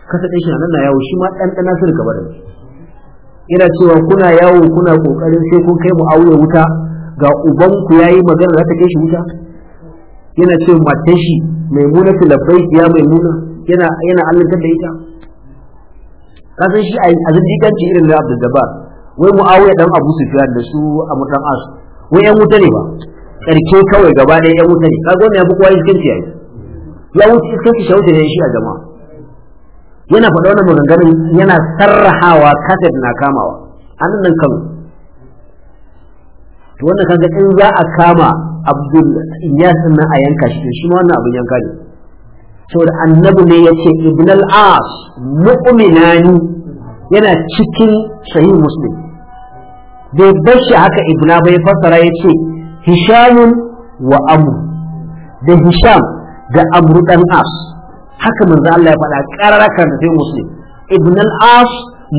kasa ɗin shi nan na yawo shi ma ɗan ɗan Nasir Kabara ne yana cewa kuna yawo kuna kokarin sai kun kai mu'awiya wuta ga ubanku yayi magana za ta kai shi wuta yana ce matan shi mai muna filafai ya mai muna yana yana allantar da ita kasan shi a zindiganci irin abu abdul jabbar wai mu'awiya dan abu sufyan da su a mutan as wai yan wuta ne ba karke kawai gaba ɗaya yan wuta ne ka wannan ya fi kowa iskanci yayi ya wuce iskanci shawuta ne shi a jama'a yana faɗa wani maganganun yana sarrahawa kaset na kamawa an nan kano to wannan kaga in za a kama abdul iyas na a yanka shi shi ma wannan abin yanka ne saboda annabi ne ya ce ibn al-as mu'minani yana cikin sahih muslim bai bar shi haka ibna bai fassara ya ce hishamun wa amru da hisham da amru dan as haka manzo Allah ya faɗa kararaka da sai musulmi ibn al-as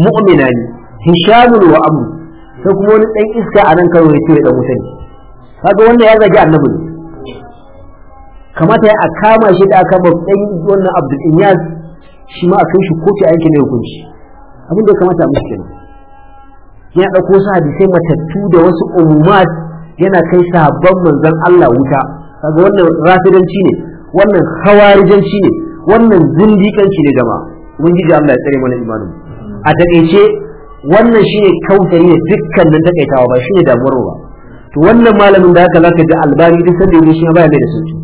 mu'mina ne hisham wa abu sai kuma wani dan iska a nan karo ya ce da mutane kaga wanda ya zagi annabi ne kamata ya kama shi da aka ba dan wannan abdul inyas shi ma a kai shi koki a yanke hukunci abin da ya kamata a kenan Ya ɗauko su hadisai matattu da wasu umumat yana kai sahabban manzon Allah wuta kaga wannan rafidanci ne wannan hawarijanci ne wannan zindikanci ne jama'a ubangiji Allah ya tsare mana imanin a takeice wannan shine kautari ne dukkanin takaitawa ba ne damuwar ba to wannan malamin da haka zaka ji albani duk sanda da shi ba ya da sauki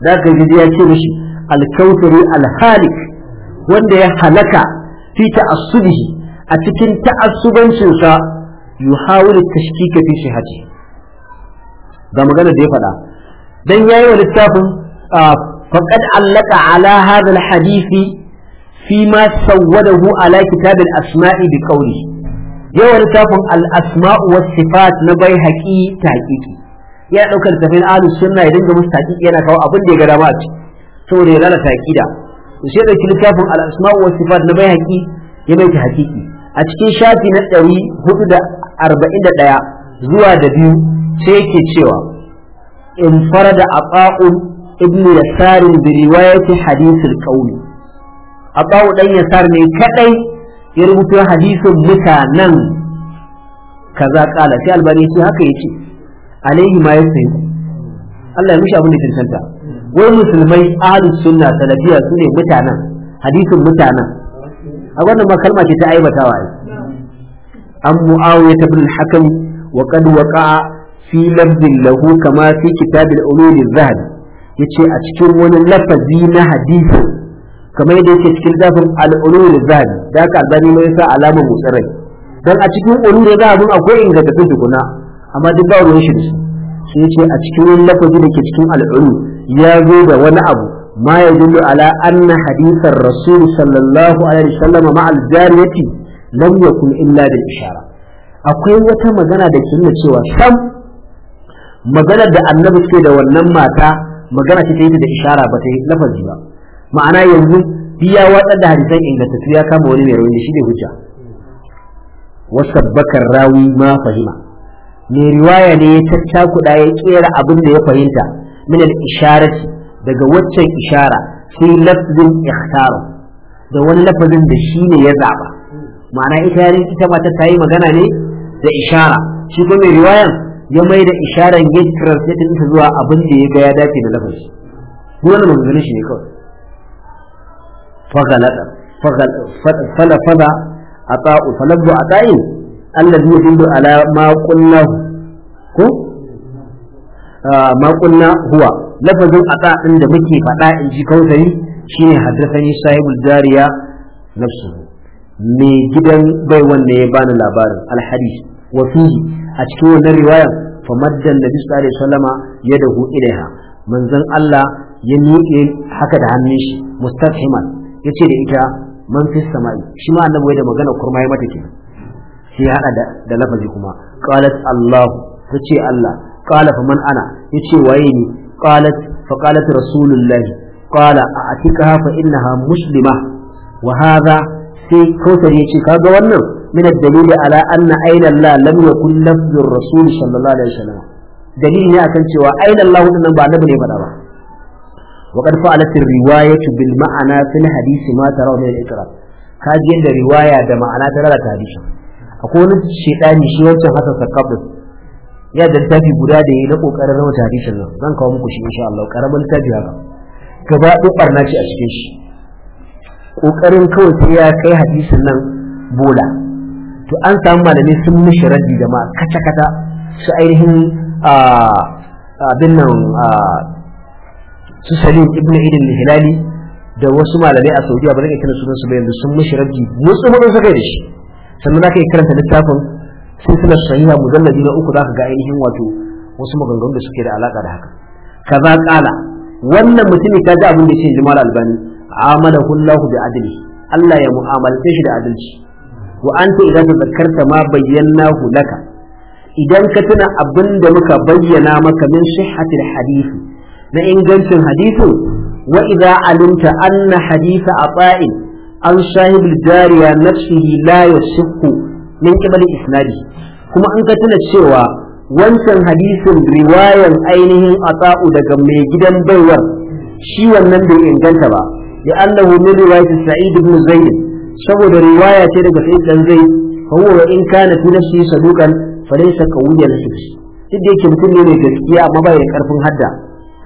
zaka ji ya ce mishi alkautari alhalik wanda ya halaka fi ta'assubihi a cikin ta'assubancinsa yuhawilu tashkika fi sihhati ga magana da ya faɗa dan yayi wa littafin ah, فقد علق على هذا الحديث فيما سوده على كتاب الأسماء بقوله يوم لتافن الأسماء والصفات نبي حقي تحقيقي ya ɗauka littafin ahlu sunna ya dinga musu taƙiƙi yana kawo abin da ya ga dama a ciki ya lalata aƙida to sai ɗauki littafin al-asma'u wa sifat na bai haƙi ya mai ta a cikin shafi na ɗari hudu da arba'in da ɗaya zuwa da biyu ce ke cewa in da aqa'un Ibni yasar bi riwayati hadith al-qawl abawu dan yasar ne kadai ya rubuta hadisin mutanen kaza kala sai albani ce haka yace alaihi ma yasai Allah ya mishi abin da cancanta wai musulmai ahlus sunna salafiya sune mutanen hadisin mutanen a wannan ma kalma ce ta aibatawa ai an muawiya ibn al-hakam wa fi lafzin lahu kama fi kitab al-ulul yace a cikin wani lafazi na hadisi kamar yadda yake cikin zafin al'ulul zahabi da haka albani mai yasa alamar rai dan a cikin ulul zahabin akwai ingantattun tukuna amma duk ba ruwan shi sai yace a cikin wani lafazi da ke cikin al'ulul ya zo da wani abu ma ya dillu ala anna hadithar rasul sallallahu alaihi wasallam ma'al jariyati lam yakun illa da ishara akwai wata magana da ke nuna cewa sam maganar da annabi ke da wannan mata magana ce ta yi da ishara ba ta yi lafazi ba ma'ana yanzu biya watsar da hadisan ingantattu ya kama wani mai rauni shi ne hujja wasu bakar rawi ma fahima mai riwaya ne ya kuɗa ya kera abin da ya fahimta min al-isharati daga waccan ishara sai lafzin ikhtaru da wani lafazin da shi ne ya zaba ma'ana ita ne ita mata ta yi magana ne da ishara shi kuma mai riwayan ya mai da isharar ya translate ɗinta zuwa abin da ya ga ya dace da lafazi wannan maganganun shi ne kawai fagalada falafada a ta'u falabdu a ta'in allazi ya dindo ala ma kunna ko ah, ma kunna huwa lafazin a ɗin da muke faɗa in ji kautari shine haddasani sahibul jariya nafsu mai gidan bai wanne ya bani labarin alhadis wa a cikin wannan riwaya fa madda annabi sallallahu alaihi wasallama yadahu ilaiha manzon Allah ya miƙe haka da hannun shi mustafhiman yace da ita man fi sama'i shi ma annabi da magana kurma ya mata kenan sai ya hada da lafazi kuma qalat Allah tace Allah qala fa man ana yace waye ni qalat fa qalat rasulullahi qala a'tikaha fa innaha muslima wa hadha sai kawtar yace ga wannan من الدليل على أن أين الله لم يكن لفظ الرسول صلى الله عليه وسلم دليل يا كان cewa أين الله إن بعد نبني بدا وقد فعلت الرواية بالمعنى في الحديث ما ترى من الإقرار kaji yadda riwaya da ma'ana ta lalata hadisi akwai wani shedani shi wancan hasan sakabin ya da tafi guda da yi na kokarin rawata hadisin nan zan kawo muku shi haka gaba ce a cikin shi kokarin kawai sai ya kai hadisin nan bola to an samu malamai sun mishi da ma kaca kata su ainihin abin nan su salim ibn idin hilali da wasu malamai a saudiya ba zan kira sunan su ba yanzu sun mishi musu hudu da shi sannan za ka yi karanta littafin sai suna sahiha mujallabi na uku za ka ga ainihin wato wasu maganganun da suke da alaka da haka kaza kala wannan mutumin ka ji abin da ya ce jimal albani amalahu allah bi adli Allah ya mu'amalce shi da adalci wa anta idan zakarta ma bayyana laka idan ka tuna abin da muka bayyana maka min sihhatil hadisi na ingancin hadisin wa idza alimta anna hadisa ata'in an sahib jariya nafsihi la yasihhu min qibali isnadi kuma an ka tuna cewa wancan hadisin riwayan ainihin ata'u daga mai gidan baiwar shi wannan bai inganta ba ya annahu min riwayat sa'id ibn zaid saboda riwaya ce daga sa'id dan zai huwa in kana fi nafsi faransa falaysa qawiyan nafsi duk da yake mutum ne mai gaskiya amma ba ya karfin hadda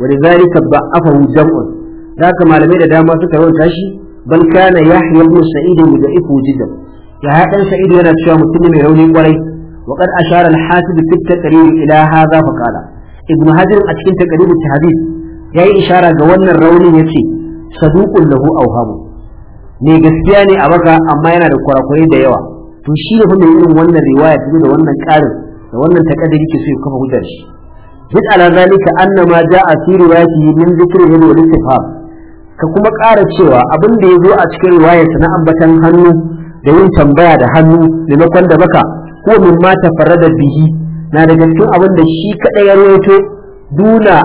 wa lidhalika ba'afahu jam'un ka malamai da dama suka rawaita shi bal kana yahya ibn sa'id yudaifu jiddan ya hadan sa'id yana cewa mutum ne mai rauni kwarai wa qad ashara al-hasib fi taqrir ila hadha fa qala ibn hajar a cikin taqrir at-hadith yayi ishara ga wannan raunin yace saduqun lahu awhamu ne gaskiya ne a baka amma yana da kurakurai da yawa to shi da kuma irin wannan riwaya ta da wannan karin da wannan takaddari ke so ya kafa hujjar shi duk ala zalika annama ja'a fi min dhikri wal istifham ka kuma ƙara cewa abin da ya zo a cikin riwayarsa na ambatan hannu da yin tambaya da hannu maimakon da baka ko min ma tafarrada bihi na da cikin abin da shi kadai ya rawaito duna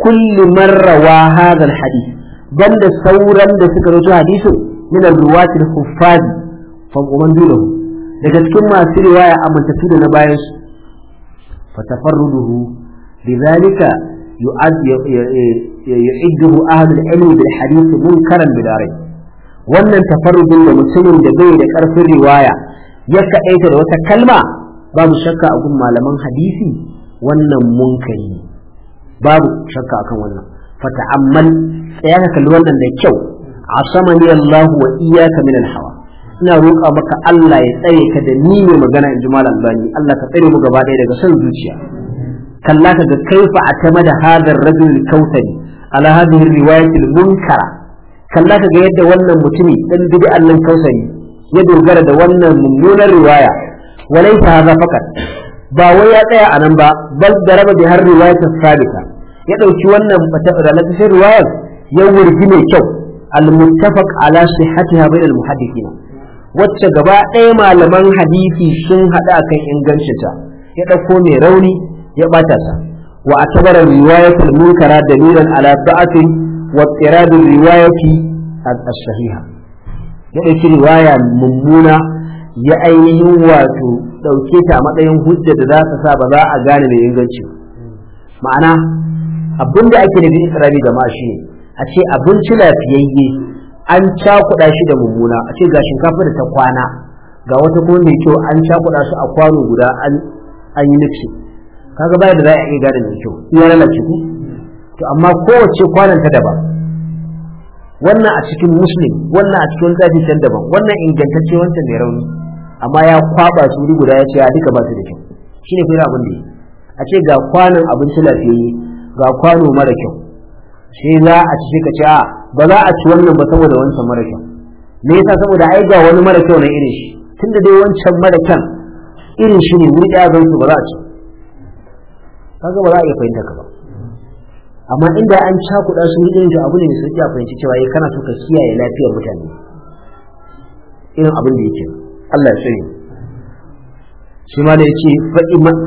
kulli marra wa hadha al hadith banda sauran da suka rawaito hadisin min al da al-kuffar fa umman dunahu daga cikin masu riwaya amintattu da na bayan su fa tafarruduhu lidhalika yu'ad yu'idduhu wannan tafarrudin da mutumin da bai da karfin riwaya ya kaɗaita da wata kalma babu shakka a gun malaman hadisi wannan munkari babu shakka akan wannan fata'ammal tsaya ka kalli wannan da kyau asamani Allah wa iyyaka min al-hawa ina roƙa maka Allah ya tsare ka da ni ne magana in ji malam Allah ka tsare mu gaba ɗaya daga san zuciya kalla ka ga kaifa atama da hadar rajul kautani ala hadhihi riwayat al-munkara kalla ka ga yadda wannan mutumi dan bid'an nan kausani ya dogara da wannan mummunar riwaya walaysa hadha fakat ba wai ya tsaya anan ba bal raba bi har riwayat sabita ya dauki wannan fata da na cikin riwayar ya wurgi mai kyau المتفق على صحتها بين المحدثين wacce gaba ɗaya malaman hadisi sun haɗa kan ingancinta ya ɗauko mai rauni ya ɓata ta wa atabara riwayatul munkara dalilan ala da'atin wa tsiradin riwayati as-sahiha ya ɗauki riwaya mummuna ya ainihin wato ɗauke ta matsayin hujja da za ta sa ba za a gane mai inganci ma'ana abinda ake nufi isra'i jama'a shine a ce abinci lafiyayye an cakuɗa shi da mummuna a ce ga shinkafa da ta kwana ga wata kuma mai kyau an cakuɗa su a kwano guda an yi mixi kaga bayan da za a iya gane mai kyau ya lalace ku to amma kowace kwanan ta daban wannan a cikin muslim wannan a cikin zafi can daban wannan ingantacce wancan mai rauni amma ya kwaba su wuri guda ya ce ya ah, duka ba su da kyau shine fira abin da a ce ga kwanon abinci lafiyayye ga kwano mara kyau sai za a ci ka ce a ba za a ci wannan ba saboda wancan mara kyau me yasa saboda ai ga wani mara kyau na irin shi tunda dai wancan mara kyan irin shi ne wuri ɗaya su ba za a ci kaga ba za a iya fahimta ka ba amma inda an cakuɗa su wuri ɗayan abu ne mai sauƙi fahimci cewa ya eh, kana so ka kiyaye lafiyar mutane irin abin da yake Allah ya sani shi ma da yake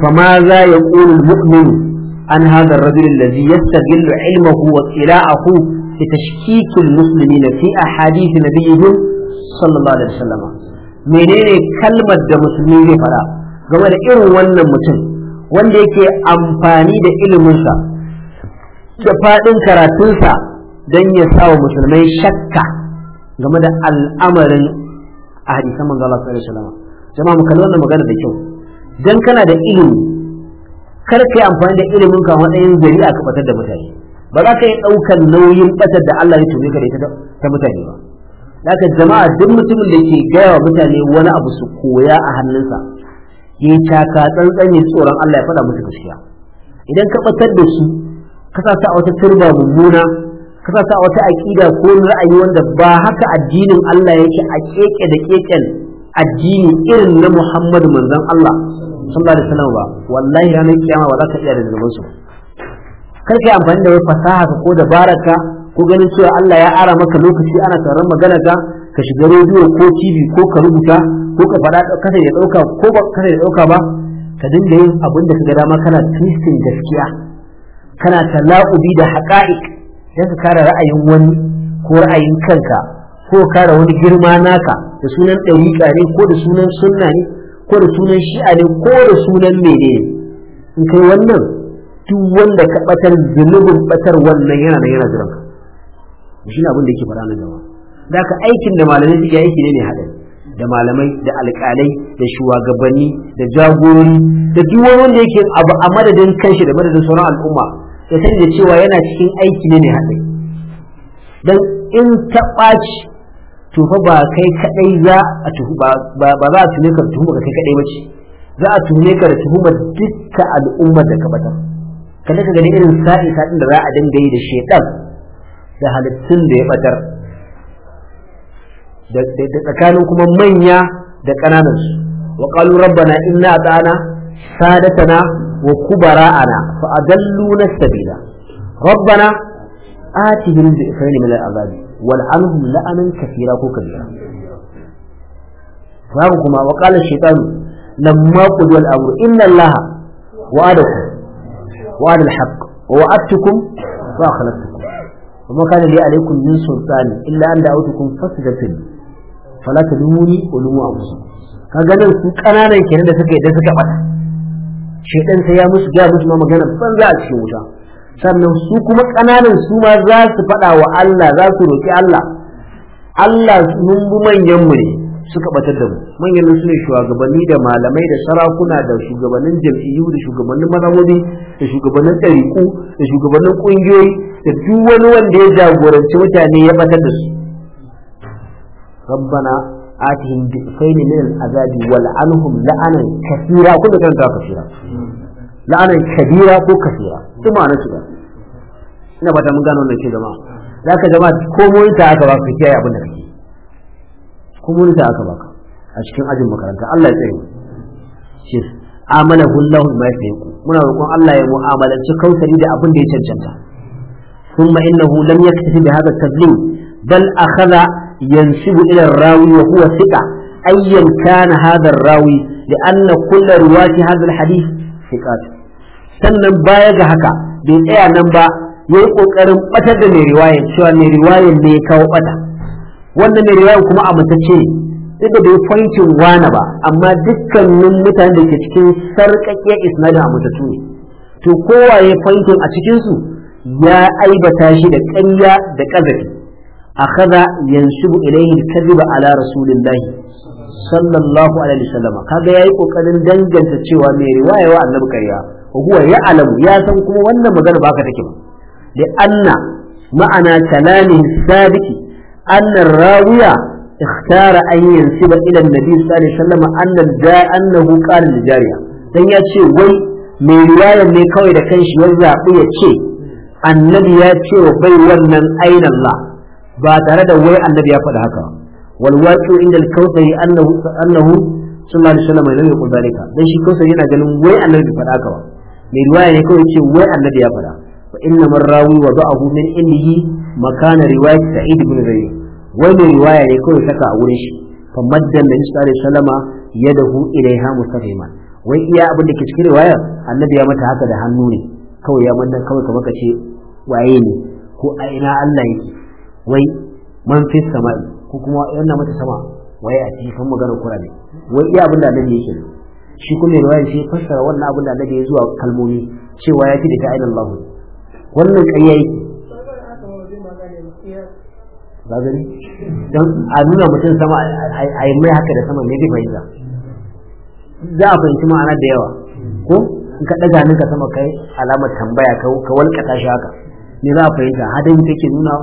fa ma za ya qulul mu'min an hadha ar-rajul alladhi yastagillu ilmahu wa qira'ahu bi tashkik al-muslimin fi ahadith nabiyihim sallallahu alaihi wasallam menene kalmar da musulmi zai faɗa game da irin wannan mutum wanda yake amfani da iliminsa da faɗin karatunsa don ya sawa wa musulmai shakka game da al'amarin a hadisan manzo Allah sallallahu jama'a mu da kyau dan kana da ilimi kar ka yi amfani da ilimin ka matsayin gari ka batar da mutane ba za ka yi ɗaukar nauyin ƙasar da Allah ya tuni ka da ita ta mutane ba haka jama'a duk mutumin da ke gaya wa mutane wani abu su koya a hannunsa ya yi taka tsantsan ya tsoron Allah ya faɗa musu gaskiya idan ka batar da su ka sa a wata turba mummuna ka sa a wata aƙida ko ra'ayi wanda ba haka addinin Allah yake a keke da keken addini irin na Muhammadu manzon Allah sallallahu da wasallam ba wallahi ranar kiyama ba za ka iya da zunuban su kar kai amfani da wani fasaha ka ko dabaraka ko ganin cewa Allah ya ara maka lokaci ana taron magana ka ka shiga rediyo ko TV ko ka rubuta ko ka faɗa kasa ya ɗauka ko ba kasa ya ɗauka ba ka dinga yin abin da ka ga dama kana tristin gaskiya kana tala'ubi da haƙa'iq sai ka kare ra'ayin wani ko ra'ayin kanka ko kare wani girma naka da sunan ɗariƙa ne ko da sunan sunna ne ko da sunan shi'a ne ko da sunan mene in kai wannan duk wanda ka batar zunubin batar wannan yana nan yana jiran ka shi abin da yake fara nan jama'a da ka aikin da malamai suke aiki ne ne haɗari da malamai da alƙalai da shugabanni da jagorori da duk wanda yake abu a madadin kanshi da madadin sauran al'umma ya sani da cewa yana cikin aiki ne ne haɗari dan in ta ɓaci to fa ba kai kadai za a tuhu ba za a tuhume ka tuhuma ka kai kadai bace za a tuhume ka da tuhumar dukkan al'ummar da ka batar kada ka gani irin sa'i sa'in da za a dinga yi da shedan da halittun da ya batar da tsakanin kuma manya da kananan su wa qalu rabbana inna atana sadatana wa kubara'ana fa adalluna sabila rabbana atihim bi min al'azabi wal'anhum la'anan kafira ko kabira babu kuma wa qala shaytanu lamma qul wal amru inna allaha wa'adakum wa'ada al-haqq wa wa'adtukum fa akhlaftukum وما كان لي عليكم من سلطان إلا أن دعوتكم فاستجبتم فلا تلوموني ولوموا أنفسكم kaga nan su kananan kenan da suka yi da suka fada shedan sai ya musu ga musu ma magana banza a cikin wuta sannan su kuma ƙananan su ma za su faɗa wa Allah za su roƙi Allah Allah mun bi manyan mu ne suka batar da mu manyan su sune shugabanni da malamai da sarakuna da shugabannin jam'iyyu da shugabannin mazhabobi da shugabannin ɗariƙu da shugabannin ƙungiyoyi da duk wani wanda ya jagoranci mutane ya batar da su rabbana atihim bi'faini min al'azabi wal anhum la'anan kathira kullu kan ka kathira la'anan kabira ko kasira duk ma'ana su ba ina fata mun gano wannan ke jama'a za ka zama ko mun ta aka ba ka kiyaye abin da kake ko mun ta aka ba ka a cikin ajin makaranta Allah ya tsaye mu shi amana hullahu ma yafiku muna roƙon Allah ya mu'amalanci kausari da abin da ya cancanta kuma ثم إنه لم يكتفي بهذا التدليل بل أخذ ينسب إلى الراوي وهو ثقة أيا كان هذا الراوي لأن كل رواة هذا الحديث ثقات sannan baya ga haka bai tsaya nan ba ya yi ƙoƙarin ɓatar da mai riwayan cewa mai riwayan ne ya kawo ɓata wannan mai riwayan kuma amintacce ne duk da bai fahimci wani ba amma dukkanin mutanen da ke cikin sarƙaƙe isnadin amintattu ne to kowa ya fankin a cikinsu ya aibata shi da ƙarya da ƙazafi akhadha yansubu ilayhi al-kadhiba ala rasulillahi sallallahu alaihi wasallam kaga yayi kokarin danganta cewa mai riwaya wa annabi huwa ya'lamu ya san kuma wannan magana ba ka take ba li anna ma'ana kalamihi sabiki anna rawiya اختار أن ينسب إلى النبي صلى الله عليه وسلم أن أنه قال لجارية dan ya ce wai mai riwayar ne kawai da kanshi ya zaɓi ya ce annabi ya ce wa bai wannan ainihin la ba tare da wai annabi ya faɗa haka wal waqi'u inda al-kawthari annahu annahu sallallahu alaihi wasallam lam yaqul dalika dan shi kawthari yana ganin wai annabi bai faɗa haka ba mai riwaya ne kawai ce wai annabi ya faɗa fa inna man rawi wa ba'ahu min indihi makana riwayat sa'id ibn zayd wai mai riwaya ne kawai saka a wurin shi fa maddan nabi sallallahu alaihi wasallama yadahu ilaiha mustaqima wai iya abin da ke cikin riwaya annabi ya mata haka da hannu ne kawai ya manna kawai kamar ka ce waye ne ko a ina Allah yake wai man fi sama'i ko kuma yana mata sama waye a cikin magana kurame wai iya abin da annabi yake ne shi kuma mai riwaya sai fassara wannan abin da Allah ya zuwa kalmomi cewa ya fi da ta'ala Allah wannan ƙarya yake ba don a nuna mutum sama a yi mai haka da sama ne zai fahimta za a fahimci ma'ana da yawa ko in ka ɗaga ka sama kai alamar tambaya ka walƙata shi haka ne za a fahimta hadin take nuna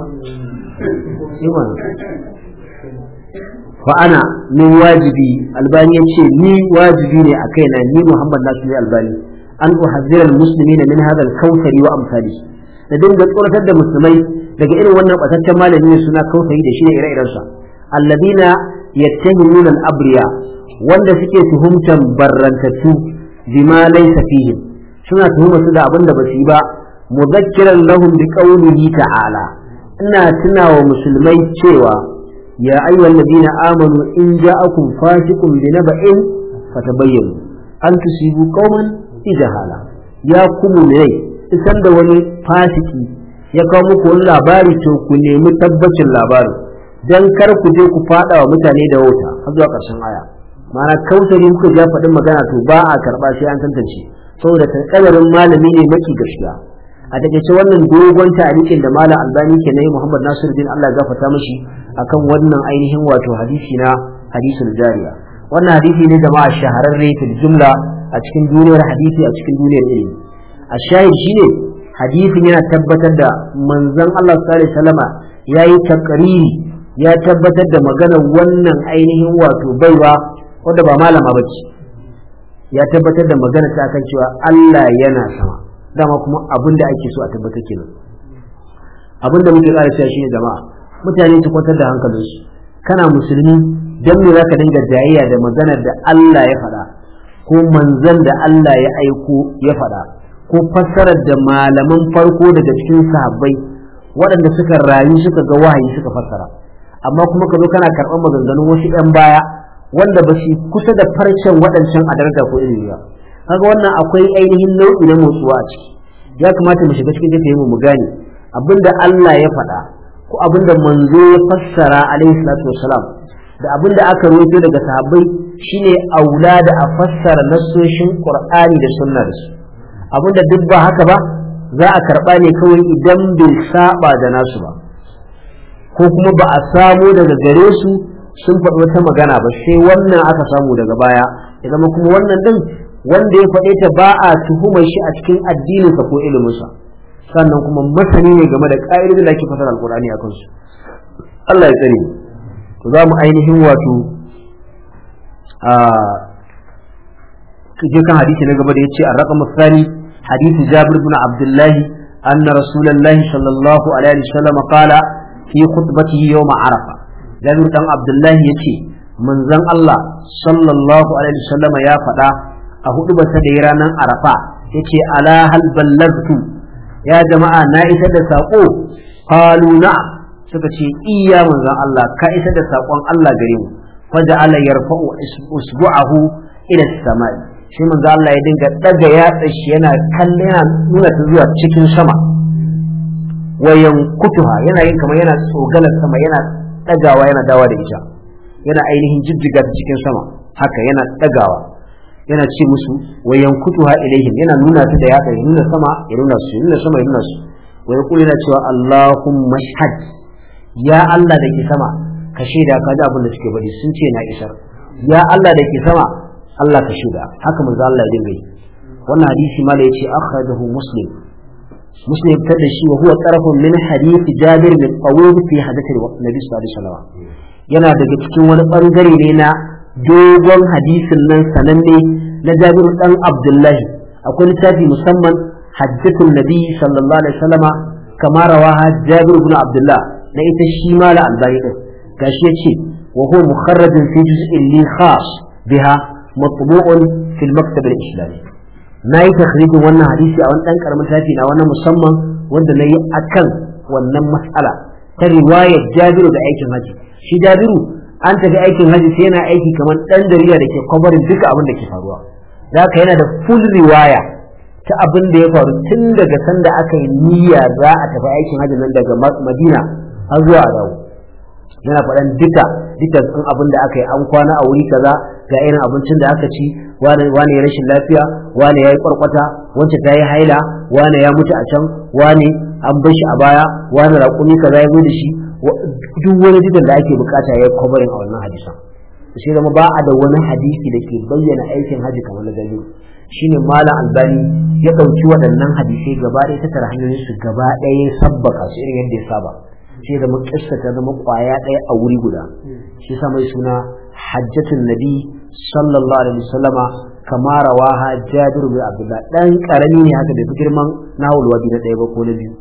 wa ana min wajibi albani ya ce ni wajibi ne a kaina ni muhammad nasir albani an uhazzira almuslimina min hadha alkawthari wa amsali da dinga tsoratar da musulmai daga irin wannan bataccen malami ne suna kawthari da shi ne ire-irensa alladina yattahimuna al-abriya wanda suke tuhumtan barrantattu bima laysa suna tuhuma su da abin da basu yi ba mudakkiran lahum bi qawlihi ta'ala ina tunawa musulmai cewa يا أيها الذين آمنوا إن جاءكم فاسق بنبأ فتبينوا أن تصيبوا قوما بجهالة يا قوم isan da wani fasiki ya kawo muku wani labari to ku nemi tabbacin labarin dan kar ku je ku faɗawa mutane da wauta har zuwa ƙarshen aya ma'ana kausari kuka ja faɗin magana to ba a karɓa sai an tantance saboda kankanin malami ne maki gaskiya a takaice wannan dogon tarihin da malam albani ke na yi muhammad nasiruddin allah ya gafarta mashi akan wannan ainihin wato hadisi na hadisul jariya wannan hadisi ne jama'a shahararre fil jumla a cikin duniyar hadisi a cikin duniyar ilimi a shahid shine hadisin yana tabbatar da manzon Allah sallallahu alaihi wasallama yayi ya tabbatar da maganar wannan ainihin wato baiwa wanda ba malama bace ya tabbatar da magana ta kan cewa Allah yana sama dama kuma abin da ake so a tabbatar kenan abin da muke ƙara cewa shine jama'a mutane su kwatar da hankalinsu kana musulmi dan me ka dinga jayayya da maganar da Allah ya faɗa ko manzan da Allah ya aiko ya faɗa ko fassarar da malaman farko daga cikin sahabbai waɗanda suka rayu suka ga wahayi suka fassara amma kuma ka zo kana karɓar maganganun wasu 'yan baya wanda ba shi kusa da farcen waɗancan a daraja ko ilimi ba kaga wannan akwai ainihin nau'i na motsuwa a ciki ya kamata mu shiga cikin jefe mu mu gane abinda Allah ya faɗa ko abinda manzo ya fassara alaihi salatu wasalam da abinda aka rawaito daga sahabbai shine aula da a fassara nasoshin qur'ani da sunna da abinda duk ba haka ba za a karba ne kawai idan bai saba da nasu ba ko kuma ba a samu daga gare su sun faɗi wata magana ba sai wannan aka samu daga baya ya zama kuma wannan din wanda ya faɗe ta ba a tuhumar shi a cikin addininsa ko iliminsa sannan kuma masani ne game da ƙa'idodin da ake fasara alqur'ani akan su Allah ya tsare to za mu ainihin wato a je kan hadisi na gaba da yace ar-raqam ath-thani hadisi Jabir ibn Abdullah anna Rasulullahi sallallahu alaihi wasallam qala fi khutbatihi yawm Arafa Jabir dan Abdullah yace manzon Allah sallallahu alaihi wasallam ya faɗa a hudu ba ta da ranar Arafa yace ala hal ballagtu ya jama'a na isar da saƙo qalu suka ce iya manzon Allah ka isar da saƙon Allah gare mu faja'ala yarfa'u usbu'ahu ila samai shi manzo Allah ya dinga daga yatsa shi yana kalle yana nuna ta zuwa cikin sama wayan yankutuha yana yin kamar yana tsogalar sama yana dagawa yana dawa da ita yana ainihin jijjiga cikin sama haka yana dagawa yana ce musu wayan kutu kutuha ilaihim yana nuna su da yatsa ya nuna sama ya nuna su ya nuna sama ya nuna su wa yaqulu yana cewa allahumma shahad ya allah da ke sama ka shaida ka ji abin da suke bari sun ce na isar ya allah da ke sama allah ka shaida haka manzo allah ya dinga yi wannan hadisi ma yace akhrajahu muslim muslim ya fitar da shi wa huwa tarafun min hadith jabir bin qawid fi hadath nabi sallallahu alaihi wasallam yana daga cikin wani bangare ne na dogon hadisin nan sananne na Jabiru dan Abdullahi akwai littafi musamman hajjatul nabi sallallahu alaihi wasallama kama rawaha Jabiru ibn Abdullah na ita shi mala albani din gashi yace wa huwa mukharrajun fi juz'in li khas biha matbu'un fi al-maktab al-islami na yi takhrijin wannan hadisi a wani dan karamin tafi na wannan musamman wanda na yi akan wannan mas'ala ta riwayar Jabiru da aikin haji shi Jabiru an tafi aikin hajji sai yana aiki kamar dan jarida da ke kwabarin duka abin da ke faruwa da haka yana da full riwaya ta abin da ya faru tun daga sanda aka yi niyya za a tafi aikin hajji nan daga madina har zuwa dawo yana faɗan duka duka sun abin da aka yi an kwana a wuri kaza ga irin abincin da aka ci wane ya rashin lafiya wane ya yi kwarkwata wacce ta yi haila wane ya mutu a can wane an bashi shi a baya wane raƙumi kaza ya zo da shi duk wani jidan da ake bukata ya kwabarin a wannan hadisan sai zama ba a da wani hadisi da ke bayyana aikin haji kamar na gani shine malam albani ya ɗauki waɗannan hadisai gaba ɗaya ta tara hanyoyin su gaba ɗaya sabbaka su irin yadda ya saba sai zama kissa ta zama kwaya ɗaya a wuri guda shi sa mai suna hajjatun nabi sallallahu alaihi wasallama kama rawaha jabiru bin abdullah dan karami ne haka bai fi girman nahul wadi na ɗaya ba ko na biyu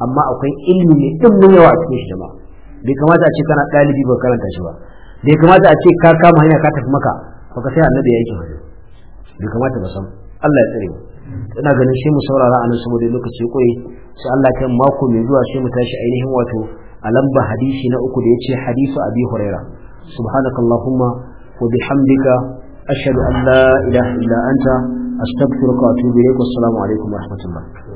amma akwai ilmi ne ɗin yawa a cikin shi jama'a bai kamata a ce kana ɗalibi ba karanta shi ba bai kamata a ce ka kama hanya ka tafi maka baka sai annabi ya yake hajji bai kamata ba san Allah ya tsare mu ina ganin shi mu saurara a nan saboda lokaci koyi sai Allah kan mako mai zuwa sai mu tashi ainihin wato a lamba hadisi na uku da yace hadisu abi huraira subhanakallahumma wa bihamdika ashhadu an la ilaha illa anta astaghfiruka wa atubu ilaik wassalamu alaikum wa rahmatullah